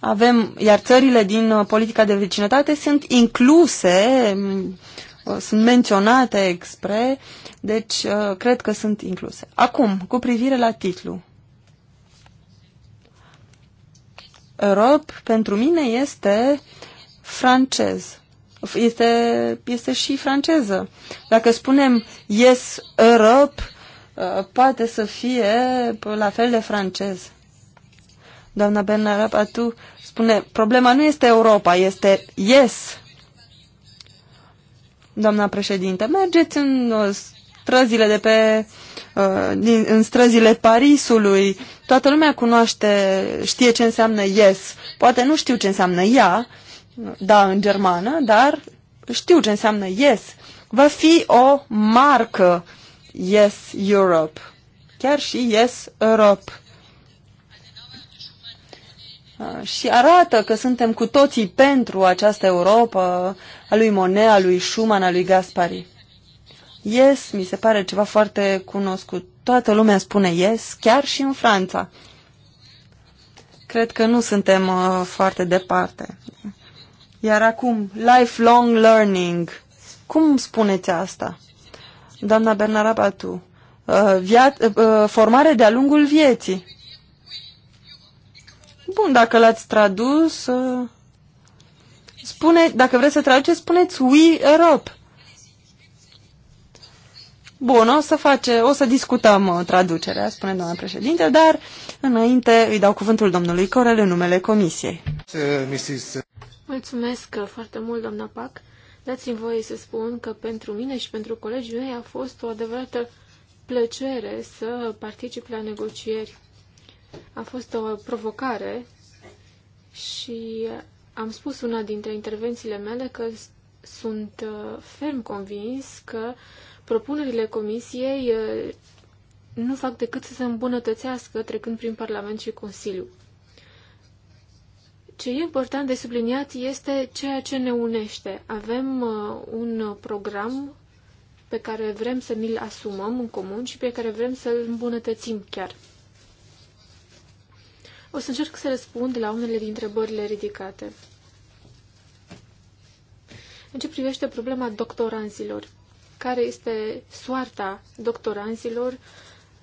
Avem, iar țările din uh, politica de vecinătate sunt incluse, mm, uh, sunt menționate expre, deci uh, cred că sunt incluse. Acum, cu privire la titlu. Europe, pentru mine, este francez. Este, este și franceză. Dacă spunem Yes Europe, Uh, poate să fie la fel de francez. Doamna Bernarab, tu spune, problema nu este Europa, este yes. Doamna președinte, mergeți în uh, străzile de pe uh, în străzile Parisului. Toată lumea cunoaște, știe ce înseamnă yes. Poate nu știu ce înseamnă ea, da, în germană, dar știu ce înseamnă yes. Va fi o marcă Yes Europe, chiar și Yes Europe. Ah, și arată că suntem cu toții pentru această Europa a lui Monet, a lui Schumann, a lui Gaspari. Yes, mi se pare ceva foarte cunoscut. Toată lumea spune yes, chiar și în Franța. Cred că nu suntem uh, foarte departe. Iar acum, lifelong learning. Cum spuneți asta? doamna Bernara Patu. Uh, uh, uh, formare de-a lungul vieții. Bun, dacă l-ați tradus, spune, dacă vreți să traduceți, spuneți We Europe. Bun, o să face, o să discutăm traducerea, spune doamna președinte, dar înainte îi dau cuvântul domnului Corel în numele comisiei. Mulțumesc foarte mult, doamna Pac. Dați-mi voie să spun că pentru mine și pentru colegii mei a fost o adevărată plăcere să particip la negocieri. A fost o provocare și am spus una dintre intervențiile mele că sunt uh, ferm convins că propunerile comisiei uh, nu fac decât să se îmbunătățească trecând prin Parlament și Consiliu. Ce e important de subliniat este ceea ce ne unește. Avem uh, un program pe care vrem să ni-l asumăm în comun și pe care vrem să-l îmbunătățim chiar. O să încerc să răspund la unele dintre întrebările ridicate. În ce privește problema doctoranților, care este soarta uh,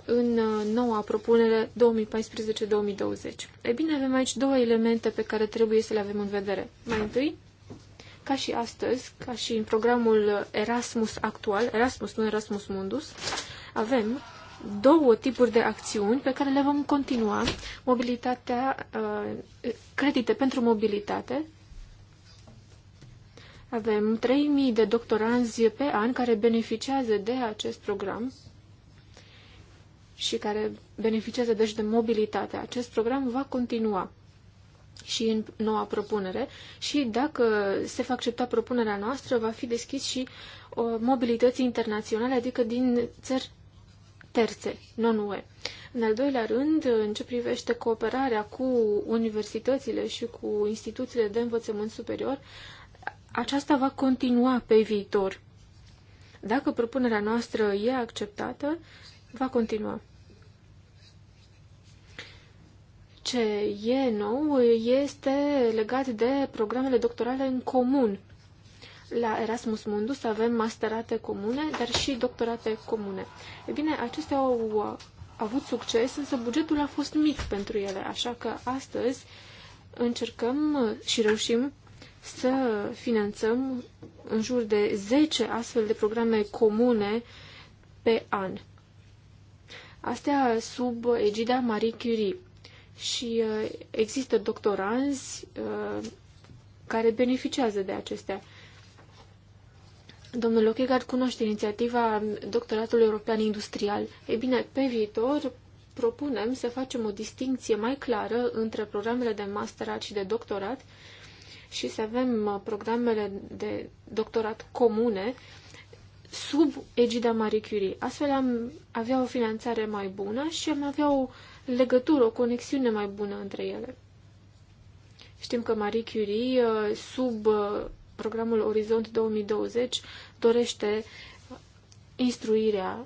în uh, noua propunere 2014-2020. E bine, avem aici două elemente pe care trebuie să le avem în vedere. Mai întâi, ca și astăzi, ca și în programul Erasmus actual, Erasmus, nu Erasmus Mundus, avem două tipuri de acțiuni pe care le vom continua. Mobilitatea, uh, credite pentru mobilitate. Avem 3.000 de doctoranzi pe an care beneficiază de acest program și care beneficiază deci de mobilitate. Acest program va continua și în noua propunere și dacă se va accepta propunerea noastră, va fi deschis și uh, mobilității internaționale, adică din țări terțe, non-UE. În al doilea rând, în ce privește cooperarea cu universitățile și cu instituțiile de învățământ superior, aceasta va continua pe viitor. Dacă propunerea noastră e acceptată, va continua. Ce e nou este legat de programele doctorale în comun. La Erasmus Mundus avem masterate comune, dar și doctorate comune. E bine, acestea au uh, avut succes, însă bugetul a fost mic pentru ele, așa că astăzi încercăm și reușim să finanțăm în jur de 10 astfel de programe comune pe an astea sub egida Marie Curie. Și uh, există doctoranzi uh, care beneficiază de acestea. Domnul Lochegard cunoaște inițiativa Doctoratului European Industrial. Ei bine, pe viitor propunem să facem o distinție mai clară între programele de masterat și de doctorat și să avem uh, programele de doctorat comune sub egida Marie Curie. Astfel am avea o finanțare mai bună și am avea o legătură, o conexiune mai bună între ele. Știm că Marie Curie, uh, sub uh, programul Orizont 2020, dorește instruirea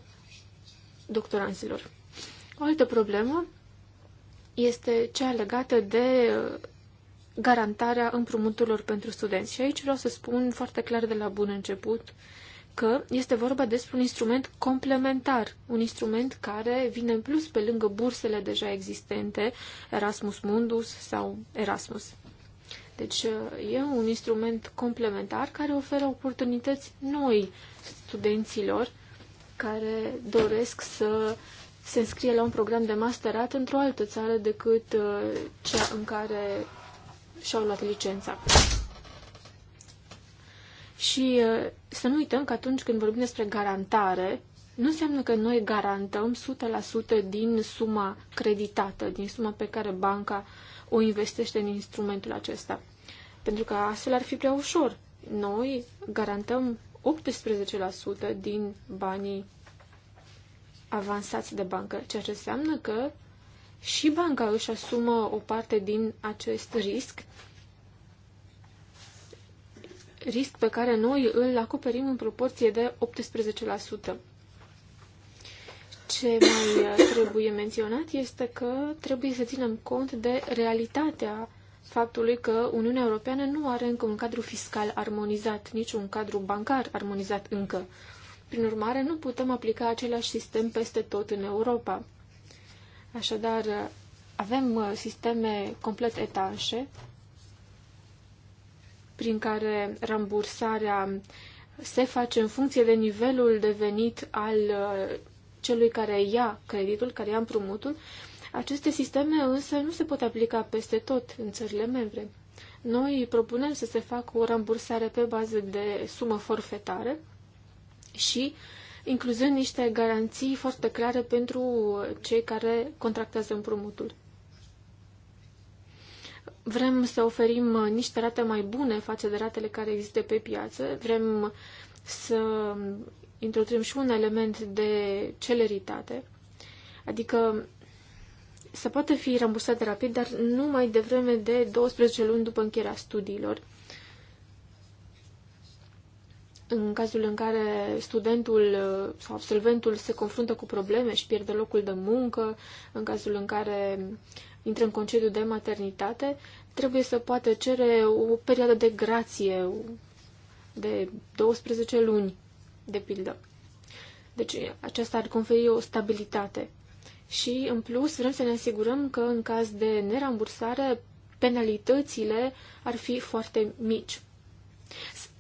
doctoranților. O altă problemă este cea legată de uh, garantarea împrumuturilor pentru studenți. Și aici vreau să spun foarte clar de la bun început că este vorba despre un instrument complementar, un instrument care vine în plus pe lângă bursele deja existente, Erasmus Mundus sau Erasmus. Deci e un instrument complementar care oferă oportunități noi studenților care doresc să se înscrie la un program de masterat într-o altă țară decât uh, cea în care și-au luat licența. Și uh, să nu uităm că atunci când vorbim despre garantare, nu înseamnă că noi garantăm 100% din suma creditată, din suma pe care banca o investește în instrumentul acesta. Pentru că astfel ar fi prea ușor. Noi garantăm 18% din banii avansați de bancă, ceea ce înseamnă că și banca își asumă o parte din acest risc risc pe care noi îl acoperim în proporție de 18%. Ce mai uh, trebuie menționat este că trebuie să ținem cont de realitatea faptului că Uniunea Europeană nu are încă un cadru fiscal armonizat, nici un cadru bancar armonizat încă. Prin urmare, nu putem aplica același sistem peste tot în Europa. Așadar, uh, avem uh, sisteme complet etanșe prin care rambursarea se face în funcție de nivelul de venit al uh, celui care ia creditul, care ia împrumutul. Aceste sisteme însă nu se pot aplica peste tot în țările membre. Noi propunem să se facă o rambursare pe bază de sumă forfetare și incluzând niște garanții foarte clare pentru cei care contractează împrumutul. Vrem să oferim uh, niște rate mai bune față de ratele care există pe piață. Vrem să introducem și un element de celeritate. Adică să poate fi rambursate rapid, dar nu mai devreme de 12 luni după încheierea studiilor în cazul în care studentul uh, sau absolventul se confruntă cu probleme și pierde locul de muncă, în cazul în care intră în concediu de maternitate, trebuie să poată cere o perioadă de grație de 12 luni, de pildă. Deci aceasta ar conferi o stabilitate. Și, în plus, vrem să ne asigurăm că, în caz de nerambursare, penalitățile ar fi foarte mici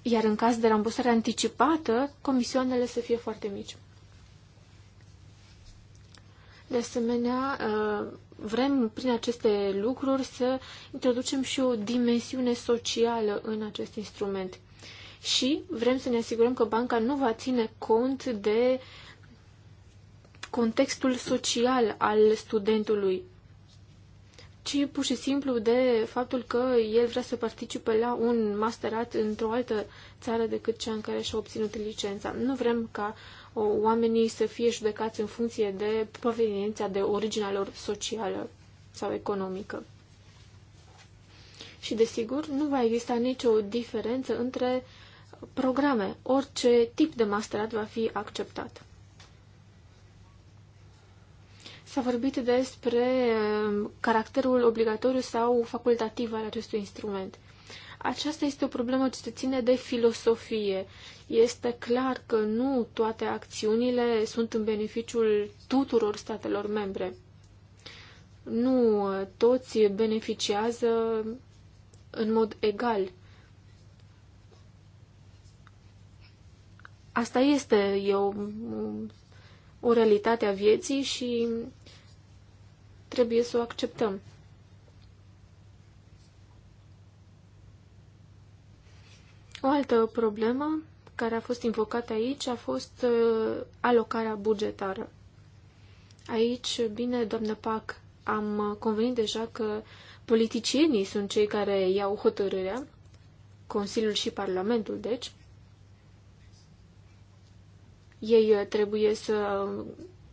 iar în caz de rambursare anticipată, comisioanele să fie foarte mici. De asemenea, uh, vrem prin aceste lucruri să introducem și o dimensiune socială în acest instrument. Și vrem să ne asigurăm că banca nu va ține cont de contextul social al studentului ci pur și simplu de faptul că el vrea să participe la un masterat într-o altă țară decât cea în care și-a obținut licența. Nu vrem ca oamenii să fie judecați în funcție de proveniența de originea lor socială sau economică. Și, desigur, nu va exista nicio diferență între programe. Orice tip de masterat va fi acceptat. S-a vorbit despre uh, caracterul obligatoriu sau facultativ al acestui instrument. Aceasta este o problemă ce se ține de filosofie. Este clar că nu toate acțiunile sunt în beneficiul tuturor statelor membre. Nu toți beneficiază în mod egal. Asta este, e o o realitate a vieții și trebuie să o acceptăm. O altă problemă care a fost invocată aici a fost uh, alocarea bugetară. Aici, bine, doamnă Pac, am convenit deja că politicienii sunt cei care iau hotărârea, Consiliul și Parlamentul, deci, ei uh, trebuie să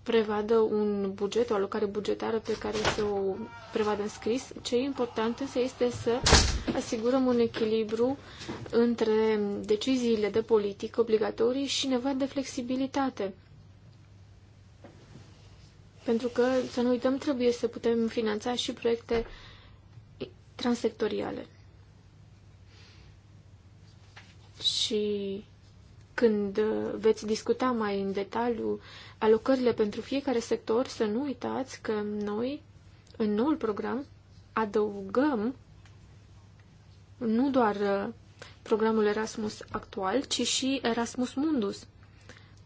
prevadă un buget, o alocare bugetară pe care să o prevadă în scris. Ce e important însă este să asigurăm un echilibru între deciziile de politică obligatorii și nevoia de flexibilitate. Pentru că, să nu uităm, trebuie să putem finanța și proiecte transsectoriale. Și când uh, veți discuta mai în detaliu alocările pentru fiecare sector, să nu uitați că noi, în noul program, adăugăm nu doar uh, programul Erasmus actual, ci și Erasmus Mundus.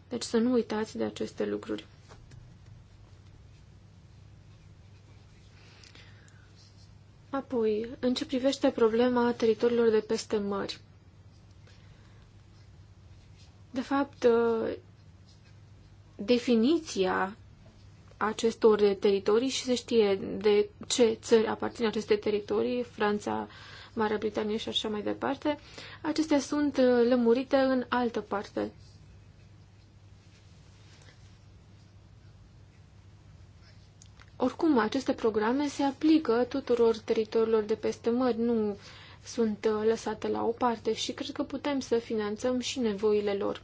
Deci să nu uitați de aceste lucruri. Apoi, în ce privește problema teritoriilor de peste mări, de fapt, uh, definiția acestor teritorii și se știe de ce țări aparțin aceste teritorii, Franța, Marea Britanie și așa mai departe, acestea sunt uh, lămurite în altă parte. Oricum, aceste programe se aplică tuturor teritoriilor de peste mări, nu sunt uh, lăsate la o parte și cred că putem să finanțăm și nevoile lor.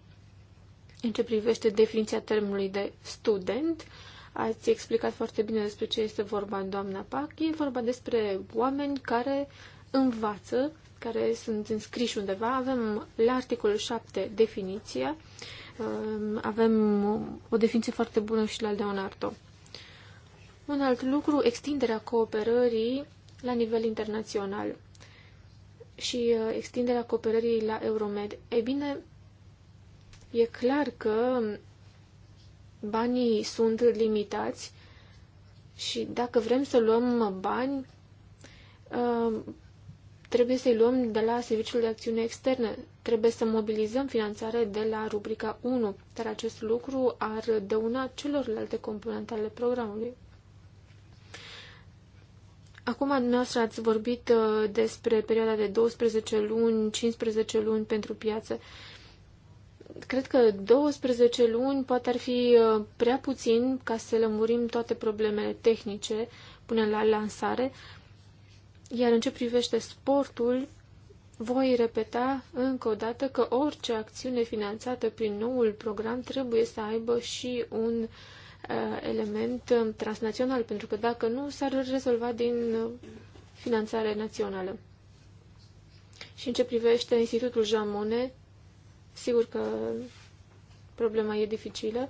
În ce privește definiția termenului de student, ați explicat foarte bine despre ce este vorba doamna Pac. E vorba despre oameni care învață, care sunt înscriși undeva. Avem la articolul 7 definiția. Um, avem o definiție foarte bună și la Leonardo. Un alt lucru, extinderea cooperării la nivel internațional și uh, extinderea cooperării la Euromed. Ei bine, e clar că banii sunt limitați și dacă vrem să luăm bani, uh, trebuie să-i luăm de la Serviciul de Acțiune Externă. Trebuie să mobilizăm finanțare de la rubrica 1, dar acest lucru ar dăuna celorlalte componente ale programului. Acum dumneavoastră ați vorbit uh, despre perioada de 12 luni, 15 luni pentru piață. Cred că 12 luni poate ar fi uh, prea puțin ca să lămurim toate problemele tehnice până la lansare. Iar în ce privește sportul, voi repeta încă o dată că orice acțiune finanțată prin noul program trebuie să aibă și un uh, Uh, element um, transnațional, pentru că dacă nu, s-ar rezolva din uh, finanțare națională. Și în ce privește Institutul Jean Monnet, sigur că problema e dificilă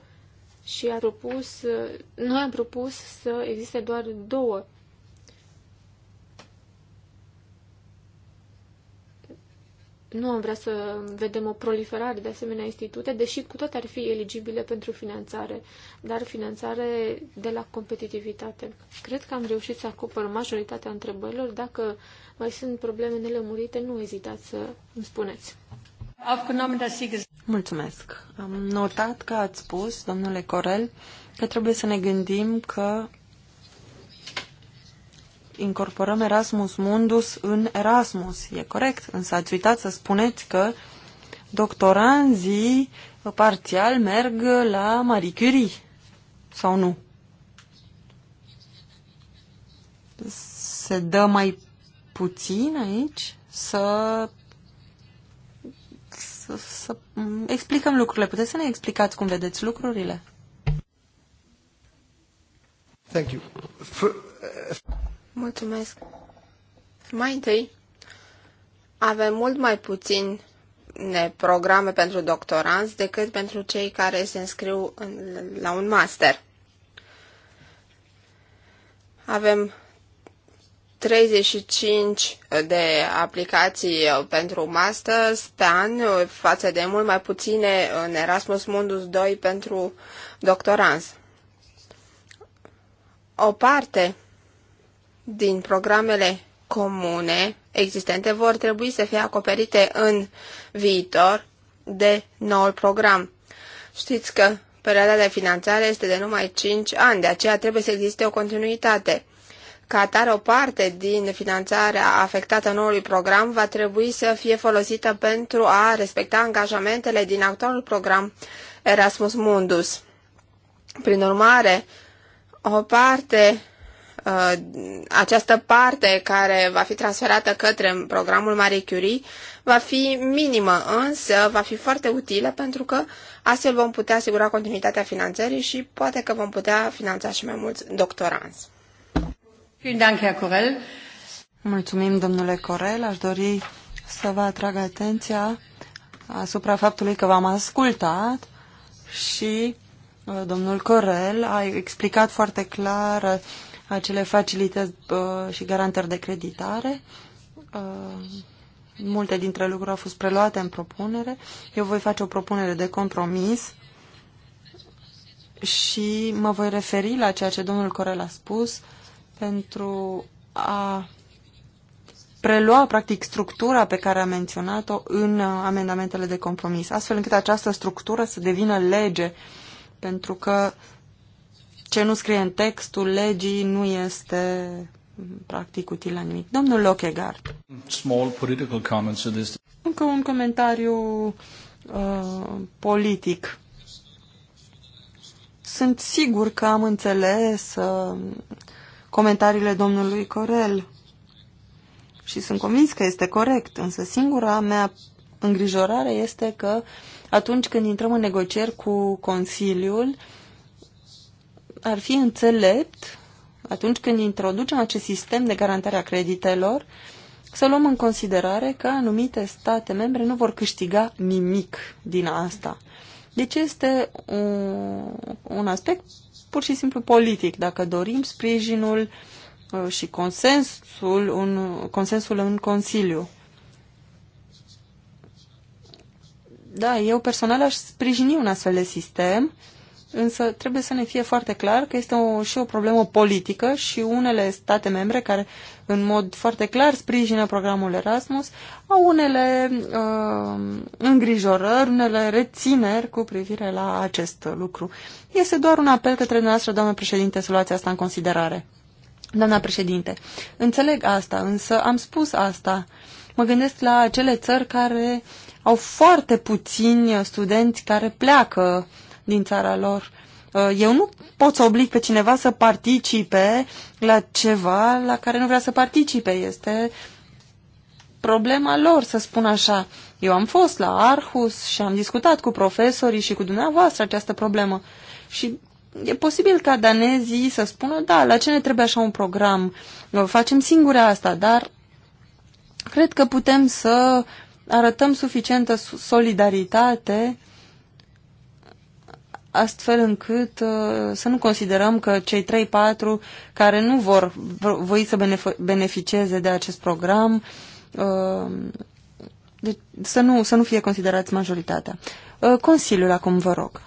și a propus, uh, noi am propus să existe doar două Nu am vrea să vedem o proliferare de asemenea institute, deși cu toate ar fi eligibile pentru finanțare, dar finanțare de la competitivitate. Cred că am reușit să acopăr majoritatea întrebărilor. Dacă mai sunt probleme nelămurite, nu ezitați să îmi spuneți. Mulțumesc. Am notat că ați spus, domnule Corel, că trebuie să ne gândim că incorporăm Erasmus Mundus în Erasmus. E corect, însă ați uitat să spuneți că doctoranzii parțial merg la Marie Curie, sau nu? Se dă mai puțin aici să, să, să explicăm lucrurile. Puteți să ne explicați cum vedeți lucrurile? Thank you. For... Mulțumesc. Mai întâi, avem mult mai puțin programe pentru doctoranți decât pentru cei care se înscriu în, la un master. Avem 35 de aplicații pentru masters pe an, față de mult mai puține în Erasmus Mundus 2 pentru doctoranți. O parte din programele comune existente vor trebui să fie acoperite în viitor de noul program. Știți că perioada de finanțare este de numai 5 ani, de aceea trebuie să existe o continuitate. Ca atare, o parte din finanțarea afectată noului program va trebui să fie folosită pentru a respecta angajamentele din actualul program Erasmus Mundus. Prin urmare, o parte Uh, această parte care va fi transferată către programul Marie Curie va fi minimă, însă va fi foarte utilă pentru că astfel vom putea asigura continuitatea finanțării și poate că vom putea finanța și mai mulți doctoranți. Mulțumim, domnule Corel. Aș dori să vă atrag atenția asupra faptului că v-am ascultat și uh, Domnul Corel a explicat foarte clar acele facilități uh, și garantări de creditare. Uh, multe dintre lucruri au fost preluate în propunere. Eu voi face o propunere de compromis și mă voi referi la ceea ce domnul Corel a spus pentru a prelua, practic, structura pe care a menționat-o în uh, amendamentele de compromis, astfel încât această structură să devină lege, pentru că uh, ce nu scrie în textul legii nu este practic util la nimic. Domnul Lochegard. Small political comments to this. Încă un comentariu uh, politic. Sunt sigur că am înțeles uh, comentariile domnului Corel și sunt convins că este corect, însă singura mea îngrijorare este că atunci când intrăm în negocieri cu Consiliul, uh, ar fi înțelept, atunci când introducem acest sistem de garantare a creditelor, să luăm în considerare că anumite state membre nu vor câștiga nimic din asta. Deci este un, un aspect pur și simplu politic. Dacă dorim sprijinul uh, și consensul un consensul în Consiliu. Da, eu personal aș sprijini un astfel de sistem Însă trebuie să ne fie foarte clar că este o, și o problemă politică și unele state membre care în mod foarte clar sprijină programul Erasmus au unele uh, îngrijorări, unele rețineri cu privire la acest lucru. Este doar un apel către dumneavoastră, doamnă președinte, să luați asta în considerare. Doamna președinte, înțeleg asta, însă am spus asta. Mă gândesc la acele țări care au foarte puțini studenți care pleacă uh, din țara lor. Uh, eu nu pot să oblig pe cineva să participe la ceva la care nu vrea să participe. Este problema lor, să spun așa. Eu am fost la Arhus și am discutat cu profesorii și cu dumneavoastră această problemă. Și e posibil ca danezii să spună, da, la ce ne trebuie așa un program? Uh, facem singure asta, dar cred că putem să arătăm suficientă solidaritate astfel încât uh, să nu considerăm că cei 3-4 care nu vor voi să beneficieze de acest program uh, deci să, nu, să nu fie considerați majoritatea. Uh, Consiliul acum vă rog.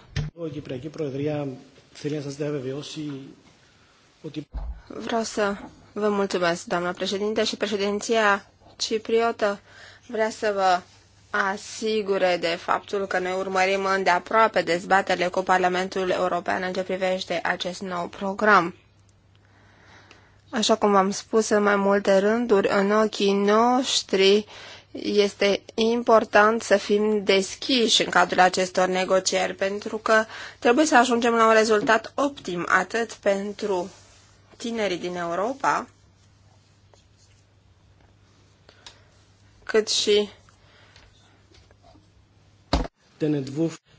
Vreau să vă mulțumesc, doamna președinte, și președinția cipriotă vrea să vă asigure de faptul că noi urmărim îndeaproape dezbaterile cu Parlamentul European în ce privește acest nou program. Așa cum v-am spus în mai multe rânduri, în ochii noștri este important să fim deschiși în cadrul acestor negocieri, pentru că trebuie să ajungem la un rezultat optim, atât pentru tinerii din Europa, cât și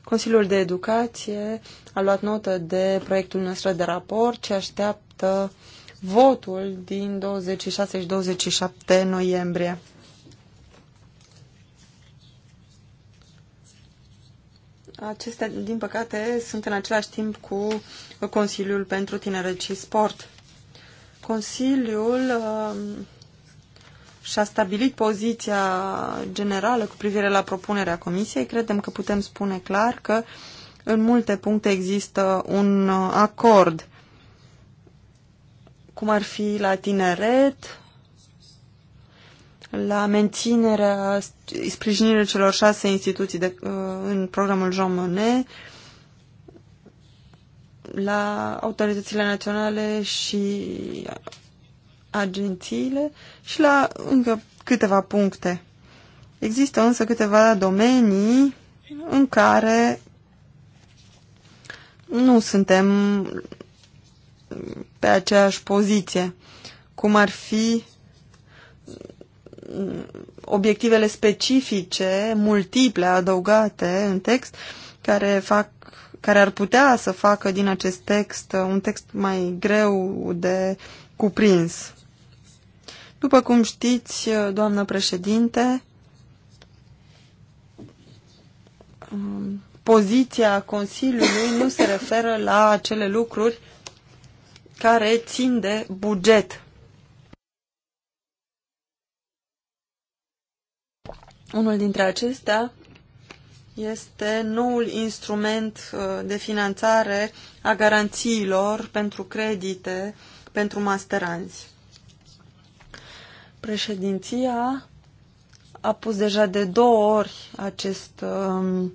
Consiliul de Educație a luat notă de proiectul nostru de raport și așteaptă votul din 26 și 27 noiembrie. Acestea, din păcate, sunt în același timp cu Consiliul pentru Tineret și Sport. Consiliul uh, și-a stabilit poziția generală cu privire la propunerea Comisiei, credem că putem spune clar că în multe puncte există un uh, acord, cum ar fi la tineret, la menținerea, sprijinirea celor șase instituții de, uh, în programul Jean Monnet, la autoritățile naționale și agențiile și la încă câteva puncte. Există însă câteva domenii în care nu suntem pe aceeași poziție, cum ar fi obiectivele specifice, multiple, adăugate în text, care, fac, care ar putea să facă din acest text un text mai greu de cuprins. După cum știți, doamnă președinte, um, poziția Consiliului nu se referă la acele lucruri care țin de buget. Unul dintre acestea este noul instrument uh, de finanțare a garanțiilor pentru credite pentru masteranzi. Președinția a pus deja de două ori acest um,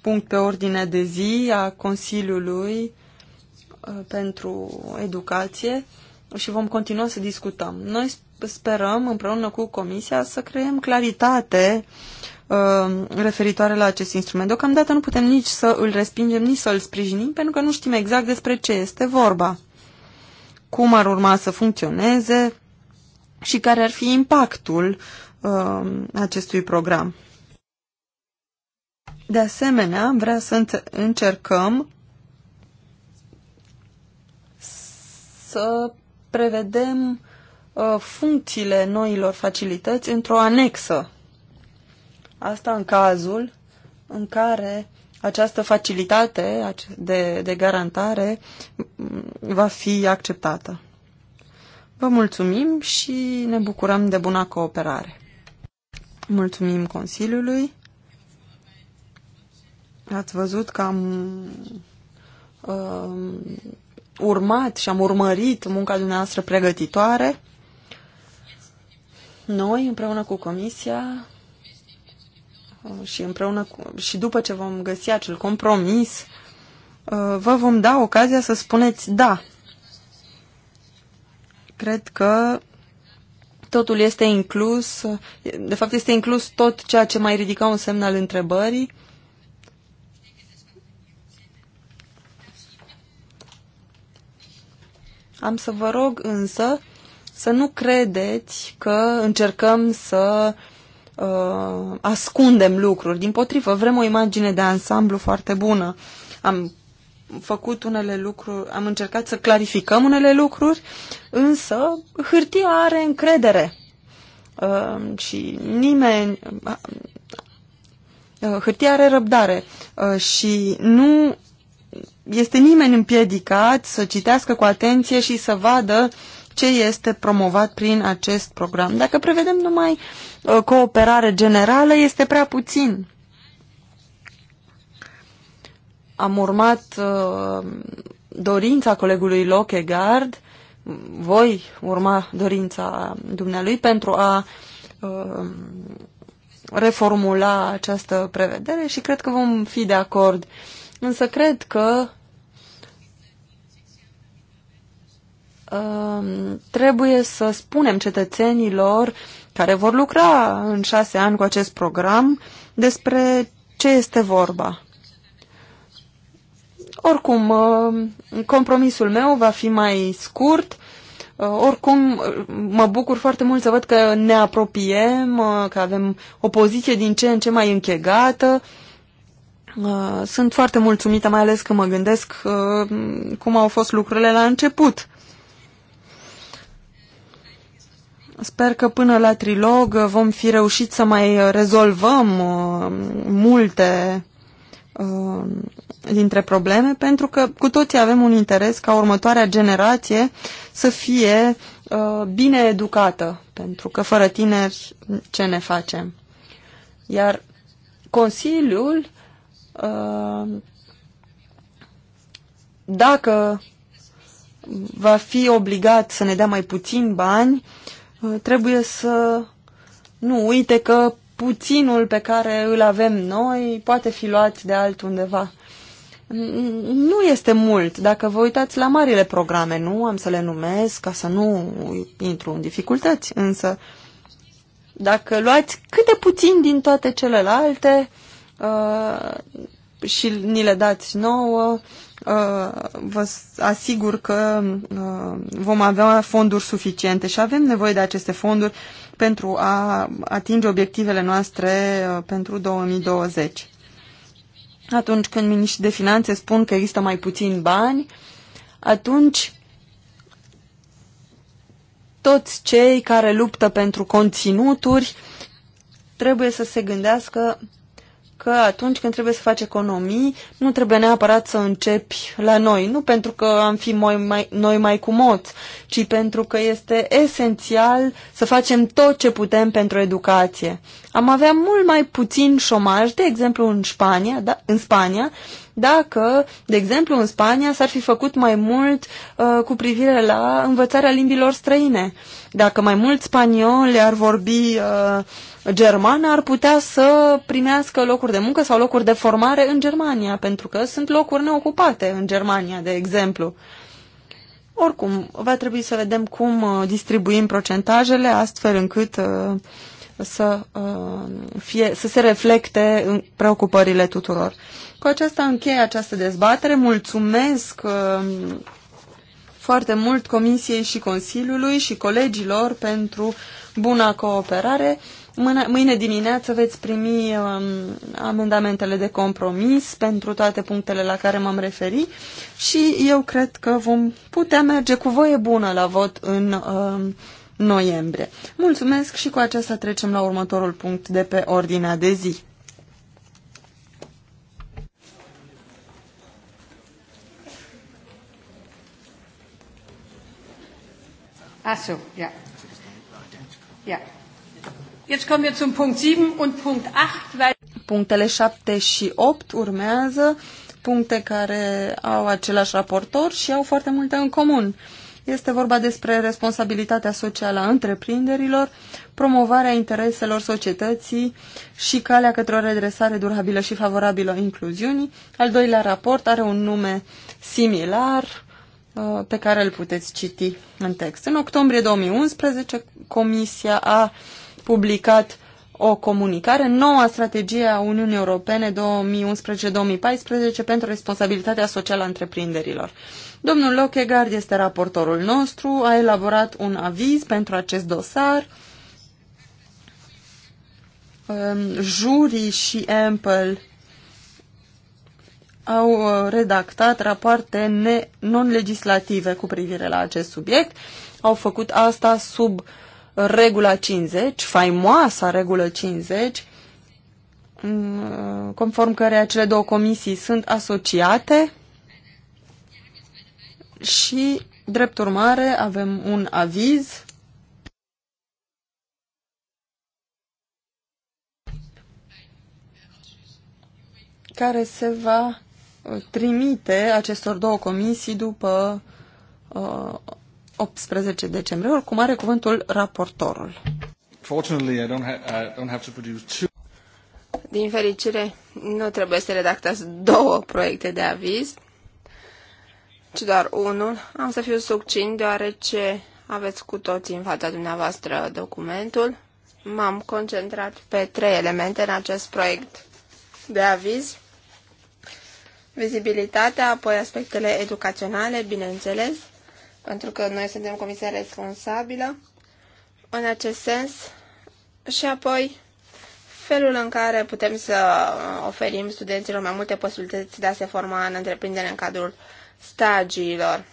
punct pe ordine de zi a Consiliului uh, pentru educație și vom continua să discutăm. Noi sperăm împreună cu Comisia să creăm claritate um, referitoare la acest instrument. Deocamdată nu putem nici să îl respingem, nici să îl sprijinim, pentru că nu știm exact despre ce este vorba. Cum ar urma să funcționeze, și care ar fi impactul uh, acestui program. De asemenea, vrea să încercăm să prevedem uh, funcțiile noilor facilități într-o anexă. Asta în cazul în care această facilitate de, de garantare va fi acceptată. Vă mulțumim și ne bucurăm de buna cooperare. Mulțumim Consiliului. Ați văzut că am uh, urmat și am urmărit munca dumneavoastră pregătitoare. Noi, împreună cu Comisia uh, și, împreună cu, și după ce vom găsi acel compromis, uh, vă vom da ocazia să spuneți da Cred că totul este inclus, de fapt este inclus tot ceea ce mai ridica un semnal întrebării. Am să vă rog însă să nu credeți că încercăm să uh, ascundem lucruri. Din potrivă, vrem o imagine de ansamblu foarte bună. Am făcut unele lucruri, am încercat să clarificăm unele lucruri, însă hârtia are încredere uh, și nimeni, uh, hârtia are răbdare uh, și nu este nimeni împiedicat să citească cu atenție și să vadă ce este promovat prin acest program. Dacă prevedem numai uh, cooperare generală, este prea puțin am urmat uh, dorința colegului Lockegard, voi urma dorința dumnealui pentru a uh, reformula această prevedere și cred că vom fi de acord. Însă cred că uh, trebuie să spunem cetățenilor care vor lucra în șase ani cu acest program despre ce este vorba oricum, uh, compromisul meu va fi mai scurt. Uh, oricum, uh, mă bucur foarte mult să văd că ne apropiem, că avem o poziție din ce în ce mai închegată. Sunt foarte mulțumită, mai ales că mă gândesc cum au fost lucrurile la început. Sper că până la trilog vom fi reușit să mai rezolvăm multe Um, dintre probleme, pentru că cu toții avem un interes ca următoarea generație să fie uh, bine educată, pentru că fără tineri ce ne facem? Iar Consiliul, uh, dacă va fi obligat să ne dea mai puțin bani, uh, trebuie să nu uite că puținul pe care îl avem noi poate fi luat de altundeva. Nu este mult. Dacă vă uitați la marile programe, nu am să le numesc ca să nu intru în dificultăți, însă dacă luați câte puțin din toate celelalte uh, și ni le dați nouă, Uh, vă asigur că uh, vom avea fonduri suficiente și avem nevoie de aceste fonduri pentru a atinge obiectivele noastre uh, pentru 2020. Atunci când miniștrii de finanțe spun că există mai puțini bani, atunci toți cei care luptă pentru conținuturi trebuie să se gândească că atunci când trebuie să faci economii, nu trebuie neapărat să începi la noi. Nu pentru că am fi noi mai, noi mai moți, ci pentru că este esențial să facem tot ce putem pentru educație. Am avea mult mai puțin șomaj, de exemplu în Spania, da, în Spania dacă, de exemplu, în Spania s-ar fi făcut mai mult uh, cu privire la învățarea limbilor străine. Dacă mai mulți spanioli ar vorbi uh, germană ar putea să primească locuri de muncă sau locuri de formare în Germania, pentru că sunt locuri neocupate în Germania, de exemplu. Oricum, va trebui să vedem cum uh, distribuim procentajele astfel încât uh, să, uh, fie, să se reflecte în preocupările tuturor. Cu aceasta încheie această dezbatere. Mulțumesc foarte mult Comisiei și Consiliului și colegilor pentru buna cooperare. Mâine, mâine dimineață veți primi um, amendamentele de compromis pentru toate punctele la care m-am referit și eu cred că vom putea merge cu voie bună la vot în um, noiembrie. Mulțumesc și cu aceasta trecem la următorul punct de pe ordinea de zi. Asu, ah, so, yeah. Yeah. Punctele 7 și 8 urmează puncte care au același raportor și au foarte multe în comun. Este vorba despre responsabilitatea socială a întreprinderilor, promovarea intereselor societății și calea către o redresare durabilă și favorabilă incluziunii. Al doilea raport are un nume similar uh, pe care îl puteți citi în text. În octombrie 2011, Comisia a publicat o comunicare, noua strategie a Uniunii Europene 2011-2014 pentru responsabilitatea socială a întreprinderilor. Domnul Lochegard este raportorul nostru, a elaborat un aviz pentru acest dosar. Ehm, jurii și Ample au uh, redactat rapoarte non-legislative cu privire la acest subiect. Au făcut asta sub uh, regula 50, faimoasa regulă 50, mm, conform care cele două comisii sunt asociate și, drept urmare, avem un aviz care se va trimite acestor două comisii după uh, 18 decembrie, oricum are cuvântul raportorul. Din fericire, nu trebuie să redactați două proiecte de aviz, ci doar unul. Am să fiu succint, deoarece aveți cu toții în fața dumneavoastră documentul. M-am concentrat pe trei elemente în acest proiect de aviz. Vizibilitatea, apoi aspectele educaționale, bineînțeles, pentru că noi suntem comisia responsabilă în acest sens și apoi felul în care putem să oferim studenților mai multe posibilități de a se forma în întreprindere în cadrul stagiilor.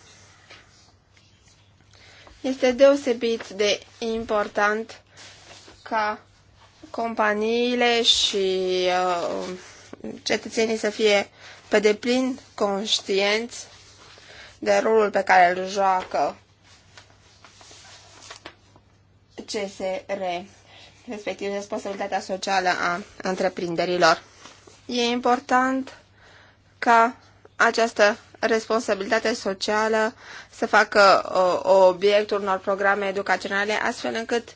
Este deosebit de important ca companiile și uh, cetățenii să fie pe deplin conștienți de rolul pe care îl joacă CSR, respectiv responsabilitatea socială a întreprinderilor. E important ca această responsabilitate socială să facă o, o obiectul unor programe educaționale, astfel încât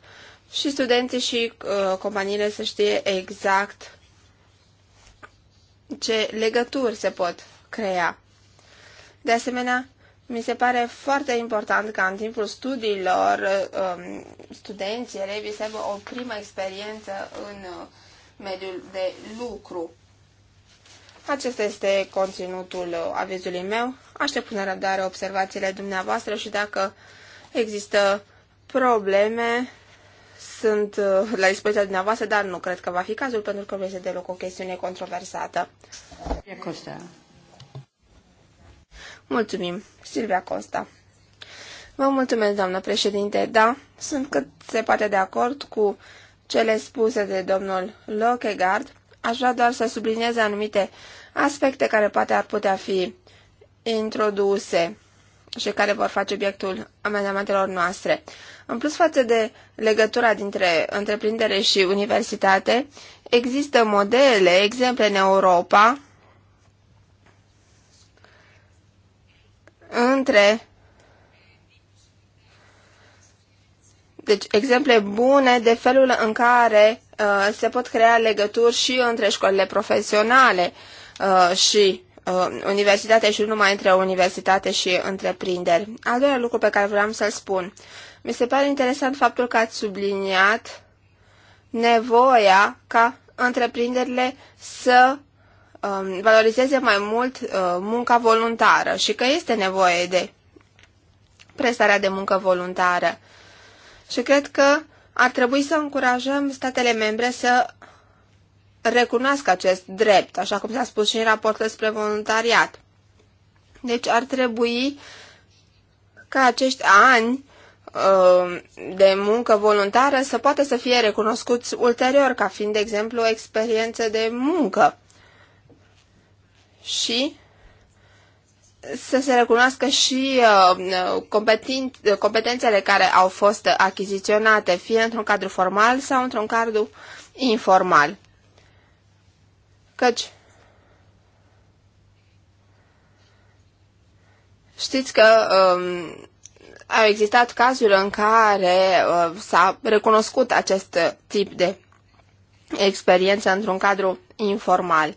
și studenții și uh, companiile să știe exact ce legături se pot crea. De asemenea, mi se pare foarte important ca în timpul studiilor um, studenții, elevii să aibă o primă experiență în uh, mediul de lucru. Acesta este conținutul uh, avizului meu. Aștept cu nerăbdare observațiile dumneavoastră și dacă există probleme, sunt uh, la dispoziția dumneavoastră, dar nu cred că va fi cazul, pentru că este deloc o chestiune controversată. Costa. Mulțumim, Silvia Costa. Vă mulțumesc, doamnă președinte. Da, sunt cât se poate de acord cu cele spuse de domnul Lockegard, Aș vrea doar să subliniez anumite aspecte care poate ar putea fi introduse și care vor face obiectul amendamentelor noastre. În plus față de legătura dintre întreprindere și universitate, există modele, exemple în Europa, între deci, exemple bune de felul în care uh, se pot crea legături și între școlile profesionale uh, și uh, universitate și nu numai între universitate și întreprinderi. Al doilea lucru pe care vreau să-l spun. Mi se pare interesant faptul că ați subliniat nevoia ca întreprinderile să Um, valorizeze mai mult uh, munca voluntară și că este nevoie de prestarea de muncă voluntară. Și cred că ar trebui să încurajăm statele membre să recunoască acest drept, așa cum s-a spus și în raportul despre voluntariat. Deci ar trebui ca acești ani uh, de muncă voluntară să poată să fie recunoscuți ulterior ca fiind, de exemplu, o experiență de muncă și să se recunoască și uh, competențele care au fost achiziționate, fie într-un cadru formal sau într-un cadru informal. Căci știți că um, au existat cazuri în care uh, s-a recunoscut acest tip de experiență într-un cadru informal.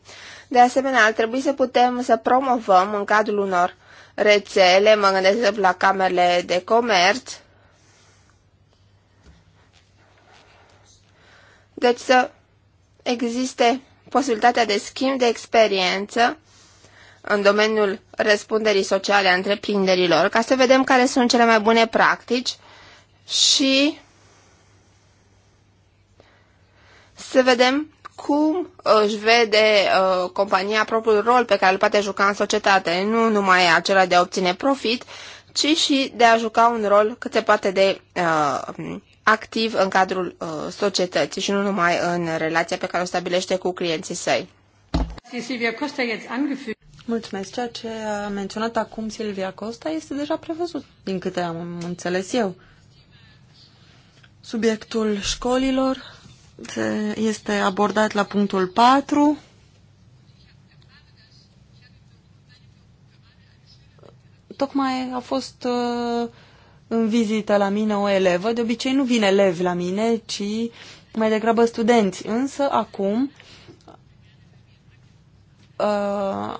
De asemenea, ar trebui să putem să promovăm în cadrul unor rețele, mă gândesc la camerele de comerț, deci să existe posibilitatea de schimb de experiență în domeniul răspunderii sociale a întreprinderilor, ca să vedem care sunt cele mai bune practici și să vedem cum își vede uh, compania propriul rol pe care îl poate juca în societate, nu numai acela de a obține profit, ci și de a juca un rol cât se poate de uh, activ în cadrul uh, societății și nu numai în relația pe care o stabilește cu clienții săi. Mulțumesc. Ceea ce a menționat acum Silvia Costa este deja prevăzut, din câte am înțeles eu. Subiectul școlilor este abordat la punctul 4. Tocmai a fost uh, în vizită la mine o elevă. De obicei nu vin elevi la mine, ci mai degrabă studenți. Însă acum uh,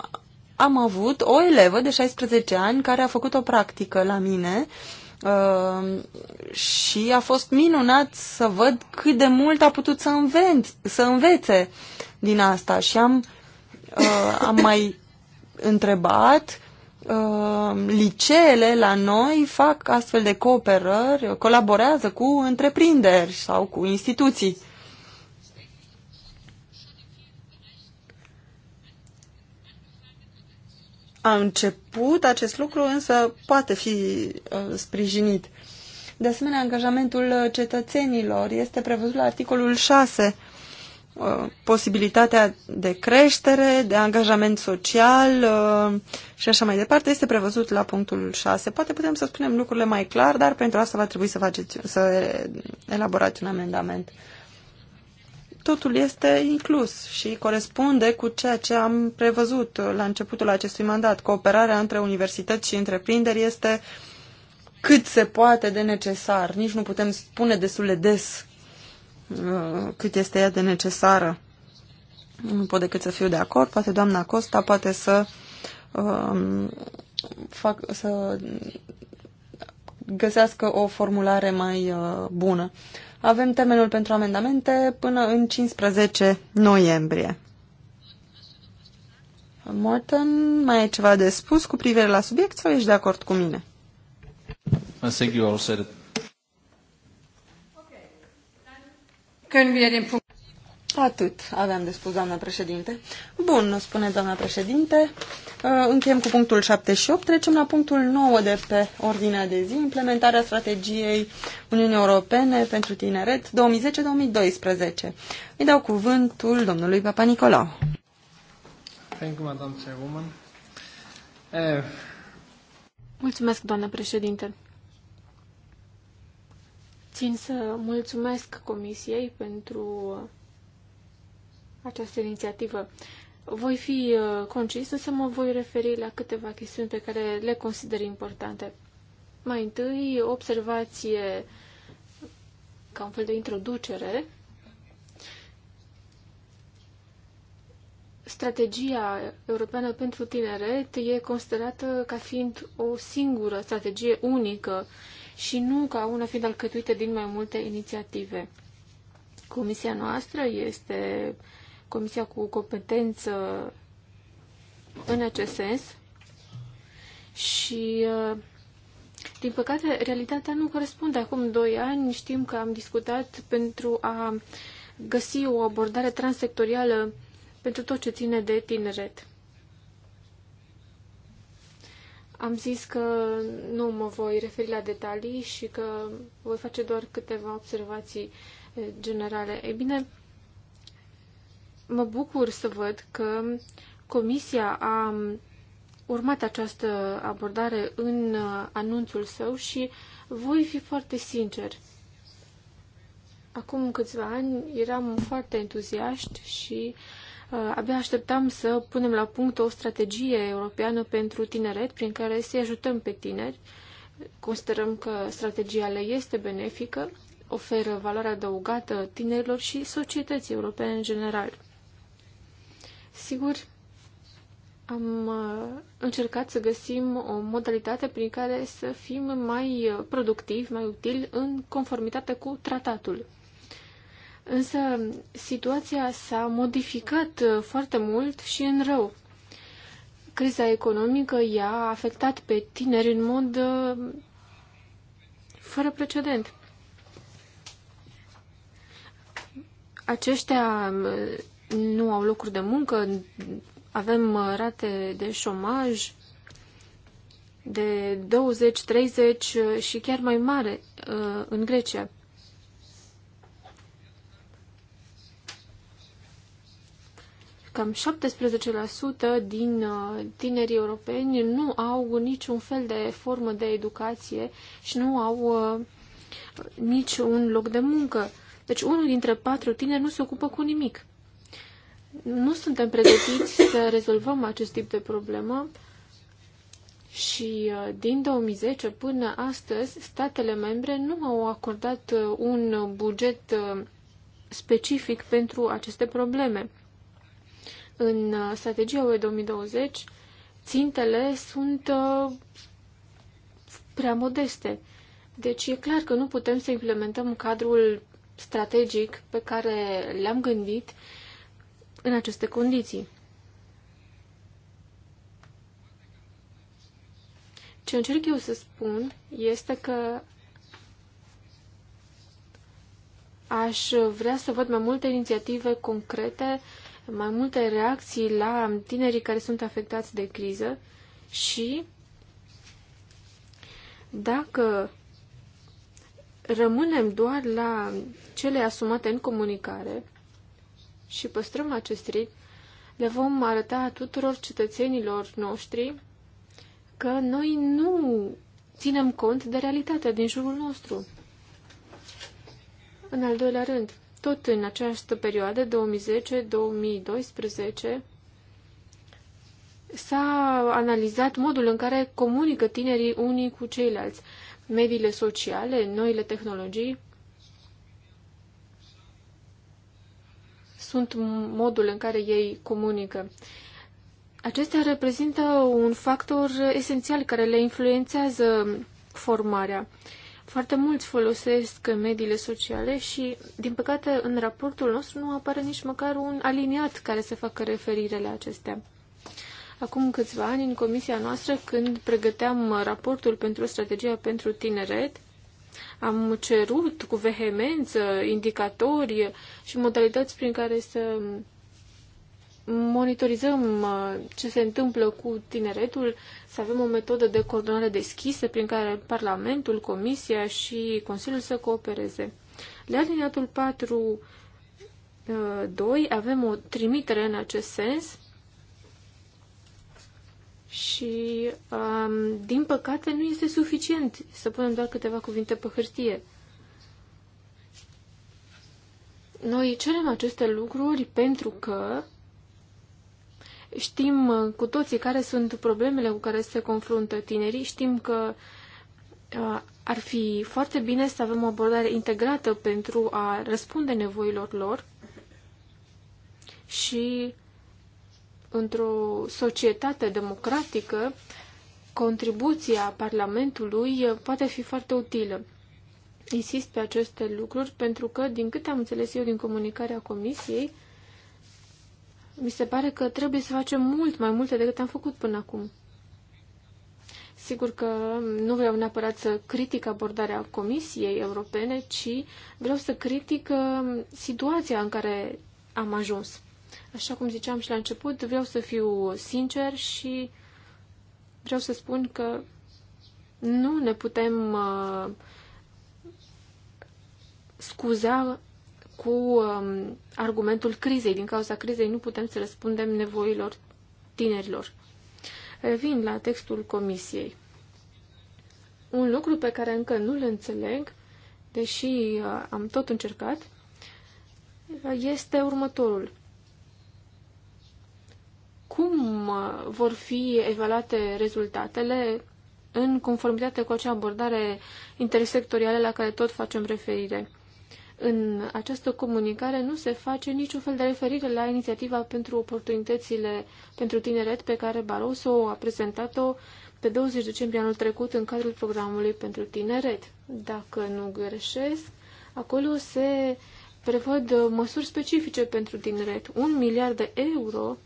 am avut o elevă de 16 ani care a făcut o practică la mine uh, Uh, și a fost minunat să văd cât de mult a putut să, învent, să învețe din asta și am, uh, am mai întrebat uh, liceele la noi fac astfel de cooperări, colaborează cu întreprinderi sau cu instituții. Uh, a început acest lucru, însă poate fi uh, sprijinit. De asemenea, angajamentul uh, cetățenilor este prevăzut la articolul 6 uh, posibilitatea de creștere, de angajament social și așa mai departe este prevăzut la punctul 6. Poate putem să spunem lucrurile mai clar, dar pentru asta va trebui să, faceți, să elaborați un amendament totul este inclus și corespunde cu ceea ce am prevăzut la începutul acestui mandat. Cooperarea între universități și întreprinderi este cât se poate de necesar. Nici nu putem spune destul de des uh, cât este ea de necesară. Nu pot decât să fiu de acord. Poate doamna Costa poate să, um, fac, să găsească o formulare mai uh, bună. Avem termenul pentru amendamente până în 15 noiembrie. Morton, mai ai ceva de spus cu privire la subiect sau ești de acord cu mine? I think you all said it. Atât aveam de spus, doamna președinte. Bun, spune doamna președinte. Uh, încheiem cu punctul 7 și 8. Trecem la punctul 9 de pe ordinea de zi, implementarea strategiei Uniunii Europene pentru tineret 2010-2012. Îi dau cuvântul domnului Papa Nicolau. Thank you, Madam Chairwoman. Eh. Mulțumesc, doamna președinte. Țin să mulțumesc Comisiei pentru această inițiativă. Voi fi uh, concis, să mă voi referi la câteva chestiuni pe care le consider importante. Mai întâi, observație ca un fel de introducere. Strategia europeană pentru tineret e considerată ca fiind o singură strategie unică și nu ca una fiind alcătuită din mai multe inițiative. Comisia noastră este uh, comisia cu competență în acest sens și, uh, din păcate, realitatea nu corespunde. Acum doi ani știm că am discutat pentru a găsi o abordare transsectorială pentru tot ce ține de tineret. Am zis că nu mă voi referi la detalii și că voi face doar câteva observații uh, generale. Ei bine, mă bucur să văd că Comisia a urmat această abordare în uh, anunțul său și voi fi foarte sincer. Acum câțiva ani eram foarte entuziaști și uh, abia așteptam să punem la punct o strategie europeană pentru tineret prin care să-i ajutăm pe tineri. Considerăm că strategia le este benefică, oferă valoare adăugată tinerilor și societății europene în general. Sigur, am uh, încercat să găsim o modalitate prin care să fim mai uh, productivi, mai utili, în conformitate cu tratatul. Însă situația s-a modificat uh, foarte mult și în rău. Criza economică i-a afectat pe tineri în mod fără precedent. Aceștia nu au locuri de muncă, avem uh, rate de șomaj de 20, 30 uh, și chiar mai mare uh, în Grecia. Cam 17% din tinerii europeni nu au niciun fel de formă de educație și nu au nici un loc de muncă. Deci unul dintre patru tineri nu se ocupă cu nimic nu suntem pregătiți să rezolvăm acest tip de problemă și uh, din 2010 până astăzi statele membre nu au acordat uh, un buget uh, specific pentru aceste probleme. În strategia UE 2020 țintele sunt prea modeste. Deci e clar că nu putem să implementăm cadrul strategic pe care l-am gândit în aceste condiții. Ce încerc eu să spun este că aș vrea să văd mai multe inițiative concrete, mai multe reacții la tinerii care sunt afectați de criză și dacă rămânem doar la cele asumate în comunicare, și păstrăm acest ritm, le vom arăta tuturor cetățenilor noștri că noi nu ținem cont de realitatea din jurul nostru. În al doilea rând, tot în această perioadă, 2010-2012, s-a analizat modul în care comunică tinerii unii cu ceilalți, mediile sociale, noile tehnologii. sunt modul în care ei comunică. Acestea reprezintă un factor esențial care le influențează formarea. Foarte mulți folosesc mediile sociale și, din păcate, în raportul nostru nu apare nici măcar un aliniat care să facă referire la acestea. Acum câțiva ani, în comisia noastră, când pregăteam raportul pentru strategia pentru tineret, am cerut cu vehemență indicatori și modalități prin care să monitorizăm uh, ce se întâmplă cu tineretul, să avem o metodă de coordonare deschisă prin care Parlamentul, Comisia și Consiliul să coopereze. La alineatul 4.2 uh, avem o trimitere în acest sens și, um, din păcate, nu este suficient să punem doar câteva cuvinte pe hârtie. Noi cerem aceste lucruri pentru că știm cu toții care sunt problemele cu care se confruntă tinerii, știm că uh, ar fi foarte bine să avem o abordare integrată pentru a răspunde nevoilor lor și într-o societate democratică, contribuția Parlamentului eh, poate fi foarte utilă. Insist pe aceste lucruri pentru că, din câte am înțeles eu din comunicarea Comisiei, mi se pare că trebuie să facem mult mai multe decât am făcut până acum. Sigur că nu vreau neapărat să critic abordarea Comisiei Europene, ci vreau să critic eh, situația în care am ajuns. Așa cum ziceam și la început, vreau să fiu sincer și vreau să spun că nu ne putem uh, scuza cu um, argumentul crizei. Din cauza crizei nu putem să răspundem nevoilor tinerilor. Revin la textul comisiei. Un lucru pe care încă nu-l înțeleg, deși uh, am tot încercat, este următorul cum uh, vor fi evaluate rezultatele în conformitate cu acea abordare intersectorială la care tot facem referire. În această comunicare nu se face niciun fel de referire la inițiativa pentru oportunitățile pentru tineret pe care Barroso a prezentat-o pe 20 decembrie anul trecut în cadrul programului pentru tineret. Dacă nu greșesc, acolo se prevăd măsuri specifice pentru tineret. Un miliard de euro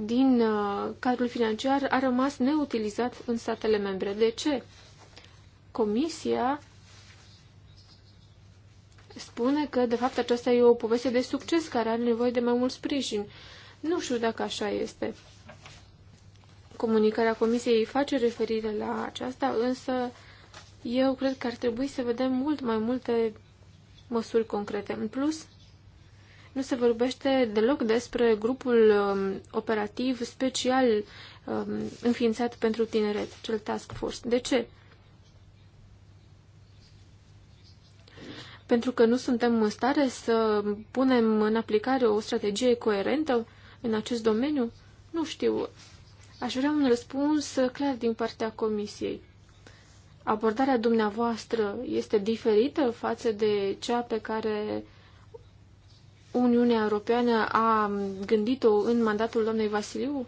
din uh, cadrul financiar a rămas neutilizat în statele membre. De ce? Comisia spune că, de fapt, aceasta e o poveste de succes care are nevoie de mai mult sprijin. Nu știu dacă așa este. Comunicarea Comisiei face referire la aceasta, însă eu cred că ar trebui să vedem mult mai multe măsuri concrete. În plus, nu se vorbește deloc despre grupul um, operativ special um, înființat pentru tineret, cel task force. De ce? Pentru că nu suntem în stare să punem în aplicare o strategie coerentă în acest domeniu? Nu știu. Aș vrea un răspuns clar din partea Comisiei. Abordarea dumneavoastră este diferită față de cea pe care Uniunea Europeană a gândit-o în mandatul doamnei Vasiliu?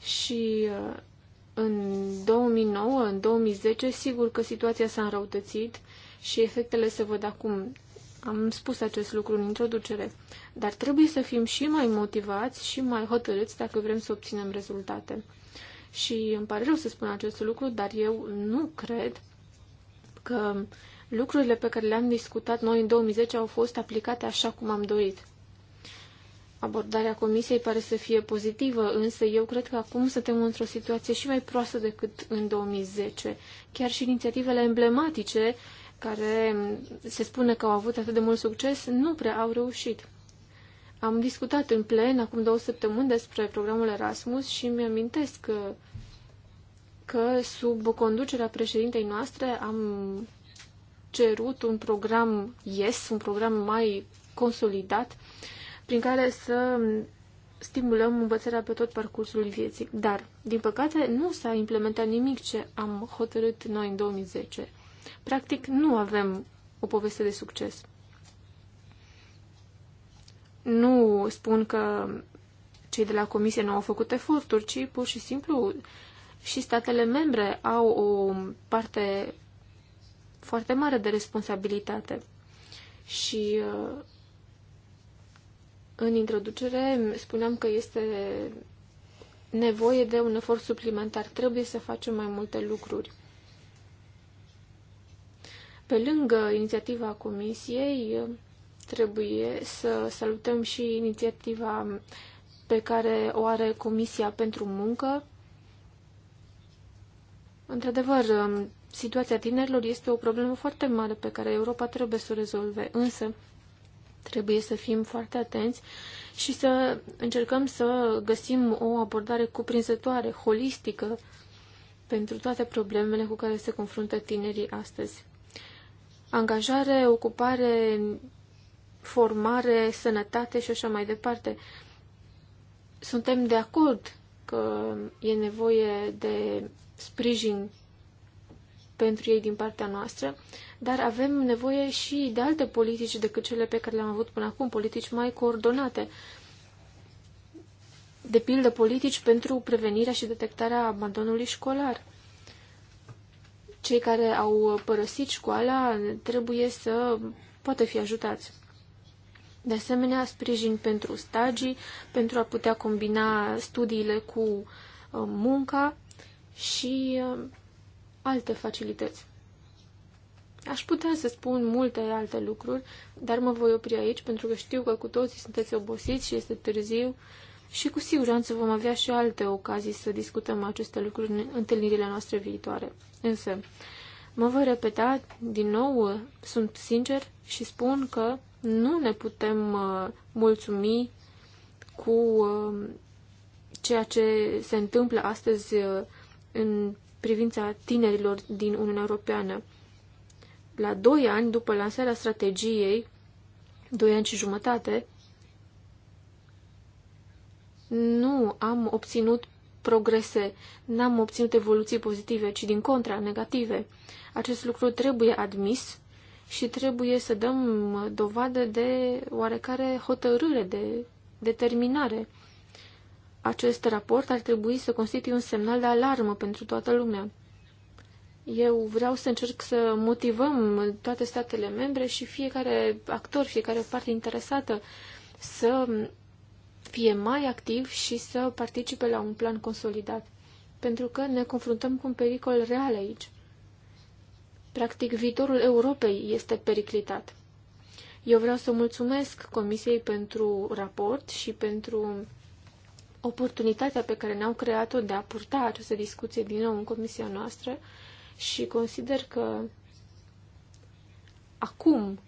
Și uh, în 2009, în 2010, sigur că situația s-a înrăutățit și efectele se văd acum. Am spus acest lucru în introducere, dar trebuie să fim și mai motivați și mai hotărâți dacă vrem să obținem rezultate. Și îmi pare rău să spun acest lucru, dar eu nu cred că lucrurile pe care le-am discutat noi în 2010 au fost aplicate așa cum am dorit. Abordarea comisiei pare să fie pozitivă, însă eu cred că acum suntem într-o situație și mai proastă decât în 2010. Chiar și inițiativele emblematice, care se spune că au avut atât de mult succes, nu prea au reușit. Am discutat în plen acum două săptămâni despre programul Erasmus și mi-amintesc că, că sub conducerea președintei noastre am cerut un program IES, un program mai consolidat, prin care să stimulăm învățarea pe tot parcursul vieții. Dar, din păcate, nu s-a implementat nimic ce am hotărât noi în 2010. Practic, nu avem o poveste de succes. Nu spun că cei de la comisie nu au făcut eforturi, ci pur și simplu și statele membre au o parte foarte mare de responsabilitate. Și uh, în introducere spuneam că este nevoie de un efort suplimentar. Trebuie să facem mai multe lucruri. Pe lângă inițiativa Comisiei, trebuie să salutăm și inițiativa pe care o are Comisia pentru Muncă. Într-adevăr, situația tinerilor este o problemă foarte mare pe care Europa trebuie să o rezolve, însă trebuie să fim foarte atenți și să încercăm să găsim o abordare cuprinzătoare, holistică, pentru toate problemele cu care se confruntă tinerii astăzi. Angajare, ocupare, formare, sănătate și așa mai departe. Suntem de acord că e nevoie de sprijin pentru ei din partea noastră, dar avem nevoie și de alte politici decât cele pe care le-am avut până acum, politici mai coordonate. De pildă, politici pentru prevenirea și detectarea abandonului școlar. Cei care au părăsit școala trebuie să poată fi ajutați. De asemenea, sprijin pentru stagii, pentru a putea combina studiile cu uh, munca și uh, alte facilități. Aș putea să spun multe alte lucruri, dar mă voi opri aici pentru că știu că cu toții sunteți obosiți și este târziu și cu siguranță vom avea și alte ocazii să discutăm aceste lucruri în întâlnirile noastre viitoare. Însă, mă voi repeta din nou, sunt sincer și spun că nu ne putem uh, mulțumi cu uh, ceea ce se întâmplă astăzi uh, în privința tinerilor din Uniunea Europeană. La doi ani după lansarea strategiei, doi ani și jumătate, nu am obținut progrese, n-am obținut evoluții pozitive, ci din contra, negative. Acest lucru trebuie admis și trebuie să dăm dovadă de oarecare hotărâre, de determinare. Acest raport ar trebui să constituie un semnal de alarmă pentru toată lumea. Eu vreau să încerc să motivăm toate statele membre și fiecare actor, fiecare parte interesată să fie mai activ și să participe la un plan consolidat. Pentru că ne confruntăm cu un pericol real aici. Practic, viitorul Europei este periclitat. Eu vreau să mulțumesc Comisiei pentru raport și pentru oportunitatea pe care ne-au creat-o de a purta această discuție din nou în comisia noastră și consider că acum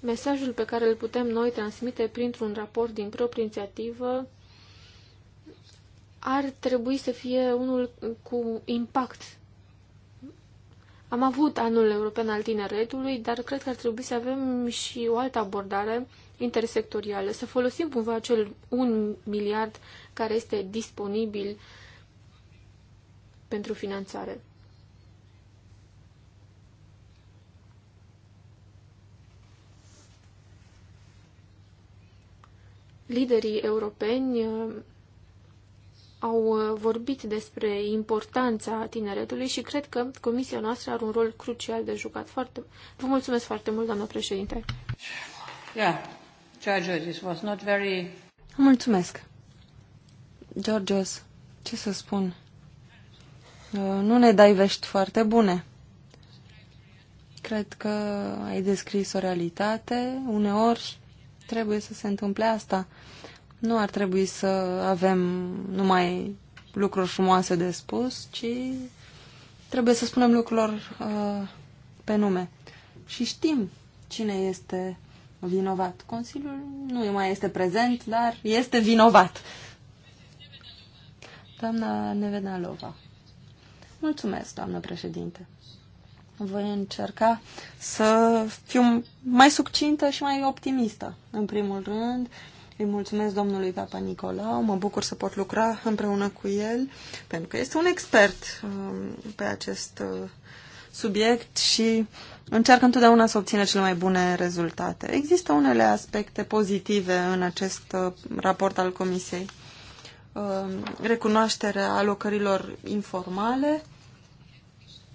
mesajul pe care îl putem noi transmite printr-un raport din proprie inițiativă ar trebui să fie unul cu impact. Am avut anul european al tineretului, dar cred că ar trebui să avem și o altă abordare intersectorială, să folosim cumva acel un miliard care este disponibil pentru finanțare. Liderii europeni uh, au uh, vorbit despre importanța tineretului și cred că comisia noastră are un rol crucial de jucat. Foarte... Vă mulțumesc foarte mult, doamnă președinte. Yeah. George, Mulțumesc. Georgios, ce să spun? Uh, nu ne dai vești foarte bune. Cred că ai descris o realitate. Uneori trebuie să se întâmple asta. Nu ar trebui să avem numai lucruri frumoase de spus, ci trebuie să spunem lucrurilor uh, pe nume. Și știm cine este vinovat. Consiliul nu mai este prezent, dar este vinovat. Doamna Nevenalova. Mulțumesc, doamnă președinte. Voi încerca să fiu mai succintă și mai optimistă. În primul rând, îi mulțumesc domnului Papa Nicolau, mă bucur să pot lucra împreună cu el, pentru că este un expert um, pe acest uh, subiect și uh, încearcă întotdeauna să obțină cele mai bune rezultate. Există unele aspecte pozitive în acest uh, raport al Comisiei. Uh, recunoașterea alocărilor informale,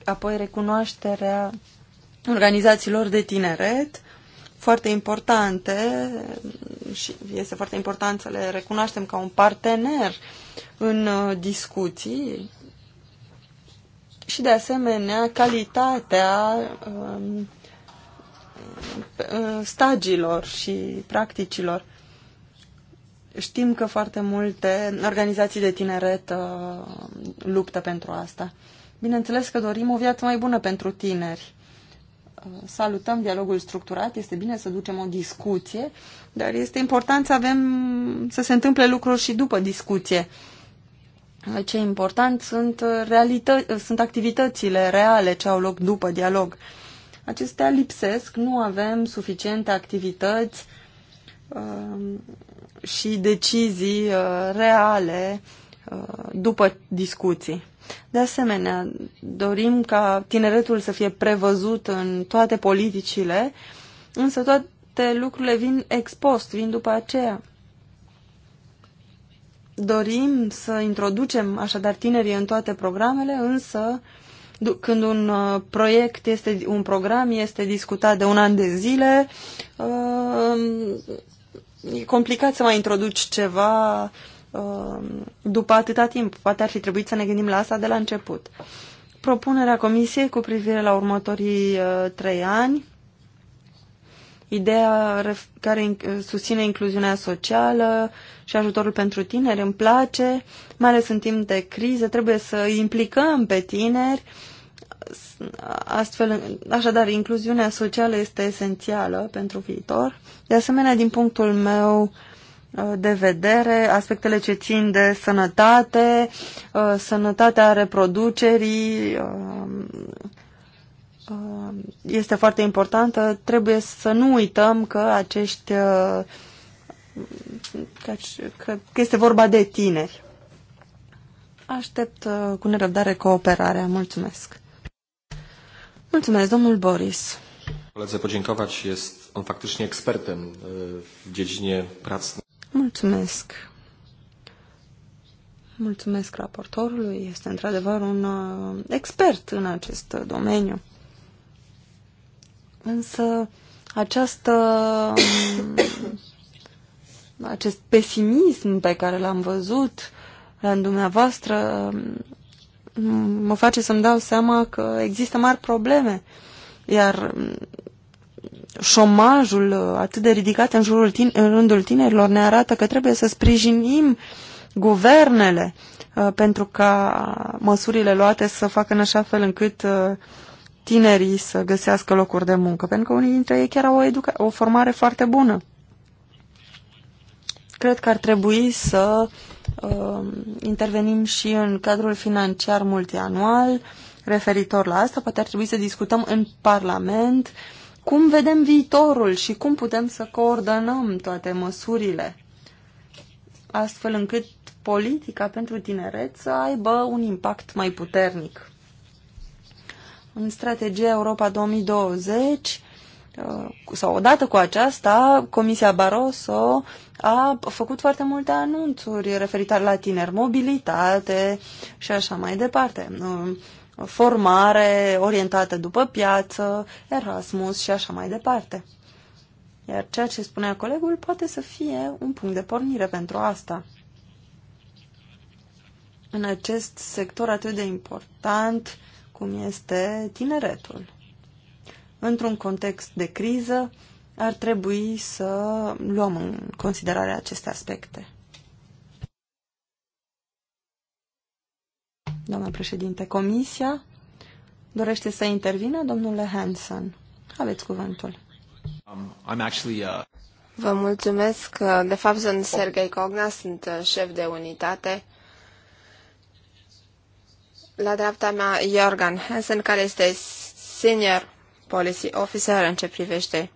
apoi recunoașterea organizațiilor de tineret, foarte importante și este foarte important să le recunoaștem ca un partener în uh, discuții, și de asemenea calitatea um, uh, stagiilor și practicilor. Știm că foarte multe organizații de tineret uh, luptă pentru asta. Bineînțeles că dorim o viață mai bună pentru tineri. Uh, salutăm dialogul structurat, este bine să ducem o discuție, dar este important să avem să se întâmple lucruri și după discuție. Uh, ce important sunt, uh, realită- uh, sunt activitățile reale ce au loc după dialog. Acestea lipsesc, nu avem suficiente activități uh, și decizii uh, reale uh, după discuții. De asemenea, dorim ca tineretul să fie prevăzut în toate politicile, însă toate lucrurile vin expost, vin după aceea. Dorim să introducem așadar tinerii în toate programele, însă când un uh, proiect este, un program este discutat de un an de zile, uh, e complicat să mai introduci ceva uh, după atâta timp. Poate ar fi trebuit să ne gândim la asta de la început. Propunerea Comisiei cu privire la următorii trei ani ideea care susține incluziunea socială și ajutorul pentru tineri îmi place, mai ales în timp de criză, trebuie să implicăm pe tineri, astfel, așadar, incluziunea socială este esențială pentru viitor. De asemenea, din punctul meu uh, de vedere, aspectele ce țin de sănătate, uh, sănătatea reproducerii, uh, este foarte importantă. Trebuie să nu uităm că acești uh, că, că este vorba de tineri. Aștept uh, cu nerăbdare cooperarea. Mulțumesc. Mulțumesc, domnul Boris. Koledze podziękować. Este, on faktycznie ekspertem w dziedzinie prac. Mulțumesc. Mulțumesc raportorului. Este într-adevăr un expert în acest domeniu. Însă această, mm, acest pesimism pe care l-am văzut în dumneavoastră mm, mă face să-mi dau seama că există mari probleme. Iar mm, șomajul atât de ridicat în, jurul tine, în rândul tinerilor ne arată că trebuie să sprijinim guvernele uh, pentru ca măsurile luate să facă în așa fel încât uh, tinerii să găsească locuri de muncă, pentru că unii dintre ei chiar au o, o formare foarte bună. Cred că ar trebui să uh, intervenim și în cadrul financiar multianual referitor la asta. Poate ar trebui să discutăm în Parlament cum vedem viitorul și cum putem să coordonăm toate măsurile, astfel încât politica pentru tineret să aibă un impact mai puternic. În strategia Europa 2020, uh, sau odată cu aceasta, Comisia Barroso a făcut foarte multe anunțuri referitoare la tineri, mobilitate și așa mai departe. Uh, formare orientată după piață, Erasmus și așa mai departe. Iar ceea ce spunea colegul poate să fie un punct de pornire pentru asta. În acest sector atât de important, cum este tineretul. Într-un context de criză, ar trebui să luăm în considerare aceste aspecte. Doamna președinte, comisia dorește să intervină, domnule Hansen. Aveți cuvântul. Um, I'm actually, uh... Vă mulțumesc. De fapt, sunt Sergei Cogna, sunt șef de unitate la dreapta mea, Jorgen Hansen, care este senior policy officer în ce privește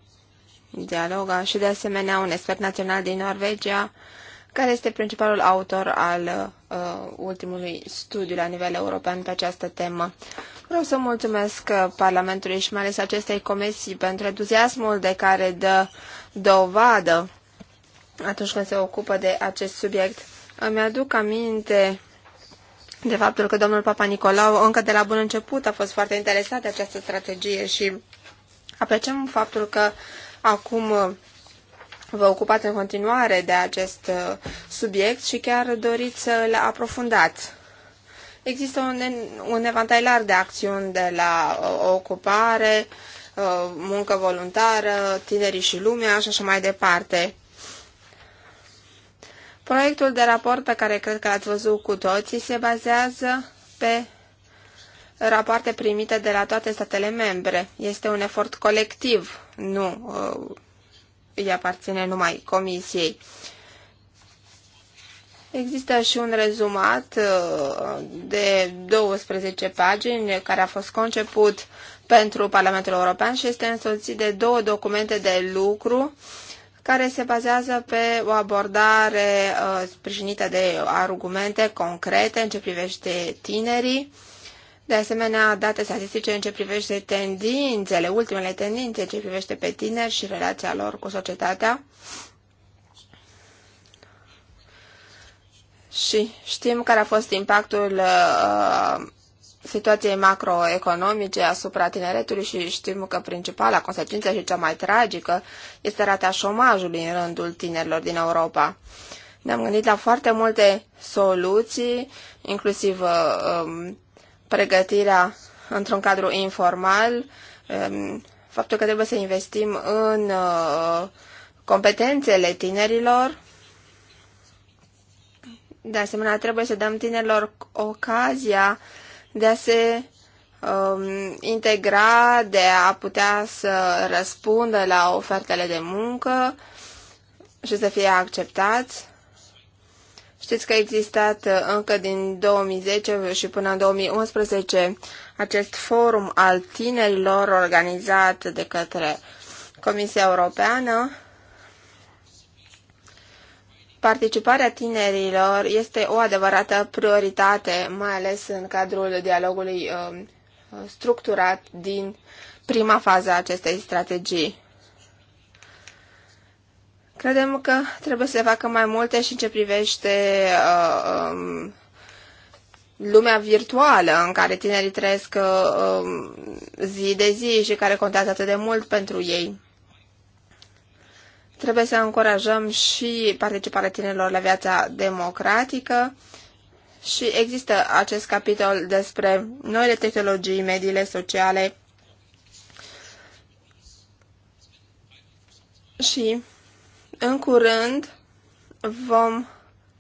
dialoga și de asemenea un expert național din Norvegia, care este principalul autor al uh, ultimului studiu la nivel european pe această temă. Vreau să mulțumesc uh, Parlamentului și mai ales acestei comisii pentru entuziasmul de care dă dovadă atunci când se ocupă de acest subiect. Îmi aduc aminte de faptul că domnul Papa Nicolau încă de la bun început a fost foarte interesat de această strategie și apreciem faptul că acum uh, vă ocupați în continuare de acest uh, subiect și chiar doriți să-l aprofundați. Există un, un evantai larg de acțiuni de la o uh, ocupare, muncă voluntară, tinerii și lumea și așa mai departe. Proiectul de raport pe care cred că l-ați văzut cu toții se bazează pe rapoarte primite de la toate statele membre. Este un efort colectiv, nu uh, îi aparține numai Comisiei. Există și un rezumat uh, de 12 pagini care a fost conceput pentru Parlamentul European și este însoțit de două documente de lucru care se bazează pe o abordare uh, sprijinită de argumente concrete în ce privește tinerii, de asemenea date statistice în ce privește tendințele, ultimele tendințe în ce privește pe tineri și relația lor cu societatea. Și știm care a fost impactul uh, situației macroeconomice asupra tineretului și știm că principala consecință și cea mai tragică este rata șomajului în rândul tinerilor din Europa. Ne-am gândit la foarte multe soluții, inclusiv um, pregătirea într-un cadru informal, um, faptul că trebuie să investim în uh, competențele tinerilor, de asemenea, trebuie să dăm tinerilor ocazia de a se um, integra, de a putea să răspundă la ofertele de muncă și să fie acceptați. Știți că a existat uh, încă din 2010 și până în 2011 acest forum al tinerilor organizat de către Comisia Europeană Participarea tinerilor este o adevărată prioritate, mai ales în cadrul dialogului um, structurat din prima fază a acestei strategii. Credem că trebuie să se facă mai multe și în ce privește uh, um, lumea virtuală în care tinerii trăiesc uh, um, zi de zi și care contează atât de mult pentru ei. Trebuie să încurajăm și participarea tinerilor la viața democratică și există acest capitol despre noile tehnologii, mediile sociale și în curând vom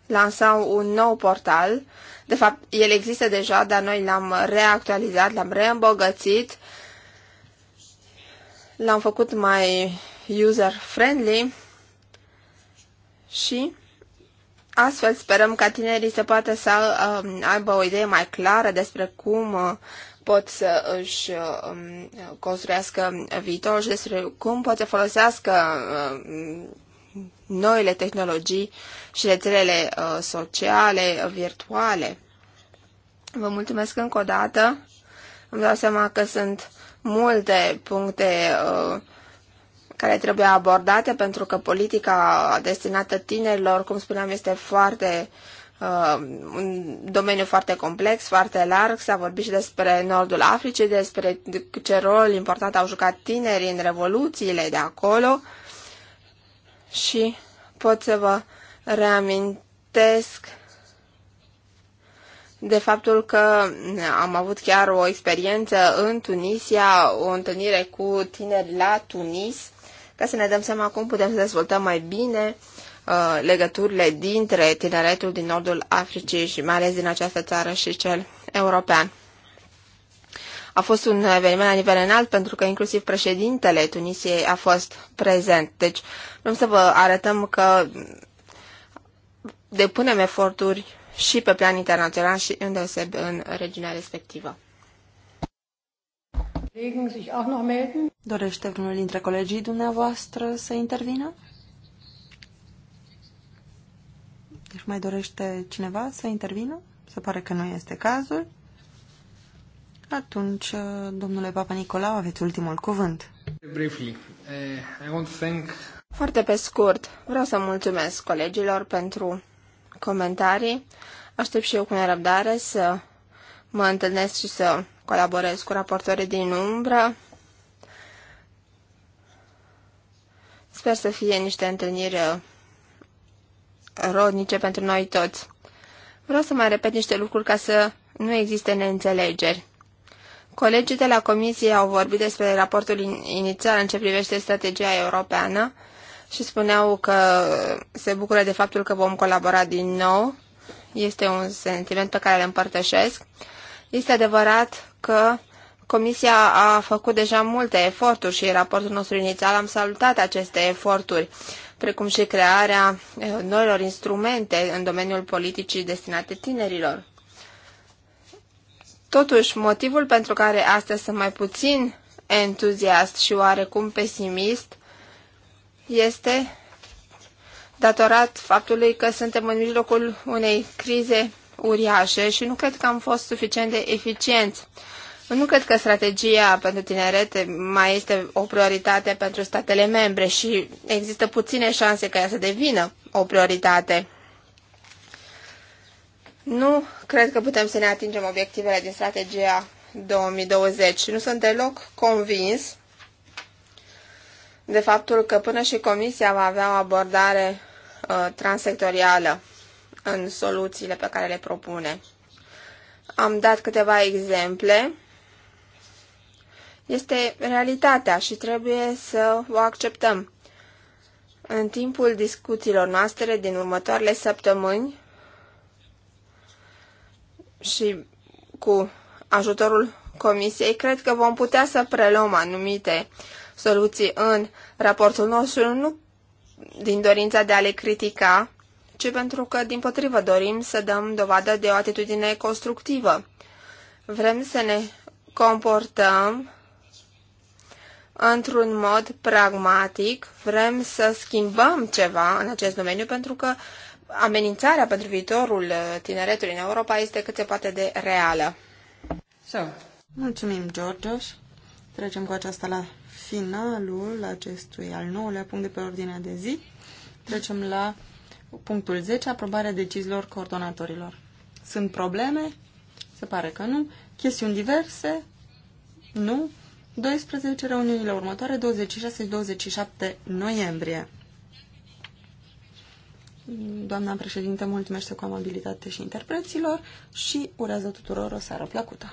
lansa un nou portal. De fapt, el există deja, dar noi l-am reactualizat, l-am reîmbogățit, l-am făcut mai user-friendly și astfel sperăm ca tinerii să poată să um, aibă o idee mai clară despre cum uh, pot să își uh, um, construiască viitorul și despre cum pot să folosească uh, noile tehnologii și rețelele sociale, virtuale. Vă mulțumesc încă o dată. Îmi dau seama că sunt multe puncte uh, care trebuie abordate pentru că politica destinată tinerilor, cum spuneam, este foarte uh, un domeniu foarte complex, foarte larg. S-a vorbit și despre Nordul Africii, despre ce rol important au jucat tinerii în revoluțiile de acolo și pot să vă reamintesc de faptul că am avut chiar o experiență în Tunisia, o întâlnire cu tineri la Tunis ca să ne dăm seama cum putem să dezvoltăm mai bine uh, legăturile dintre tineretul din nordul Africii și mai ales din această țară și cel european. A fost un eveniment la nivel înalt pentru că inclusiv președintele Tunisiei a fost prezent. Deci vrem să vă arătăm că depunem eforturi și pe plan internațional și îndeoseb în regiunea respectivă. Dorește vreunul dintre colegii dumneavoastră să intervină? Deci mai dorește cineva să intervină? Se pare că nu este cazul. Atunci, domnule Papa Nicolau, aveți ultimul cuvânt. Eh, Foarte pe scurt, vreau să mulțumesc colegilor pentru comentarii. Aștept și eu cu nerăbdare să mă întâlnesc și să colaborez cu raportorii din umbră. Sper să fie niște întâlniri uh, rodnice pentru noi toți. Vreau să mai repet niște lucruri ca să nu existe neînțelegeri. Colegii de la Comisie au vorbit despre raportul inițial în ce privește strategia europeană și spuneau că se bucură de faptul că vom colabora din nou. Este un sentiment pe care îl împărtășesc. Este adevărat că Comisia a făcut deja multe eforturi și în raportul nostru inițial am salutat aceste eforturi, precum și crearea eh, noilor instrumente în domeniul politicii destinate tinerilor. Totuși, motivul pentru care astăzi sunt mai puțin entuziast și oarecum pesimist este datorat faptului că suntem în mijlocul unei crize uriașe și nu cred că am fost suficient de eficienți. Nu cred că strategia pentru tineret mai este o prioritate pentru statele membre și există puține șanse ca ea să devină o prioritate. Nu cred că putem să ne atingem obiectivele din strategia 2020. Nu sunt deloc convins de faptul că până și Comisia va avea o abordare uh, transectorială în soluțiile pe care le propune. Am dat câteva exemple. Este realitatea și trebuie să o acceptăm. În timpul discuțiilor noastre din următoarele săptămâni și cu ajutorul Comisiei, cred că vom putea să preluăm anumite soluții în raportul nostru, nu din dorința de a le critica, ci pentru că, din potrivă, dorim să dăm dovadă de o atitudine constructivă. Vrem să ne comportăm într-un mod pragmatic, vrem să schimbăm ceva în acest domeniu, pentru că amenințarea pentru viitorul tineretului în Europa este cât se poate de reală. So. Mulțumim, Georgios. Trecem cu aceasta la finalul acestui al nouălea punct de pe ordinea de zi. Trecem la Punctul 10. Aprobarea deciziilor coordonatorilor. Sunt probleme? Se pare că nu. Chestiuni diverse? Nu. 12. Reuniunile următoare, 26-27 noiembrie. Doamna președinte, mulțumesc cu amabilitate și interpreților și urează tuturor o seară plăcută.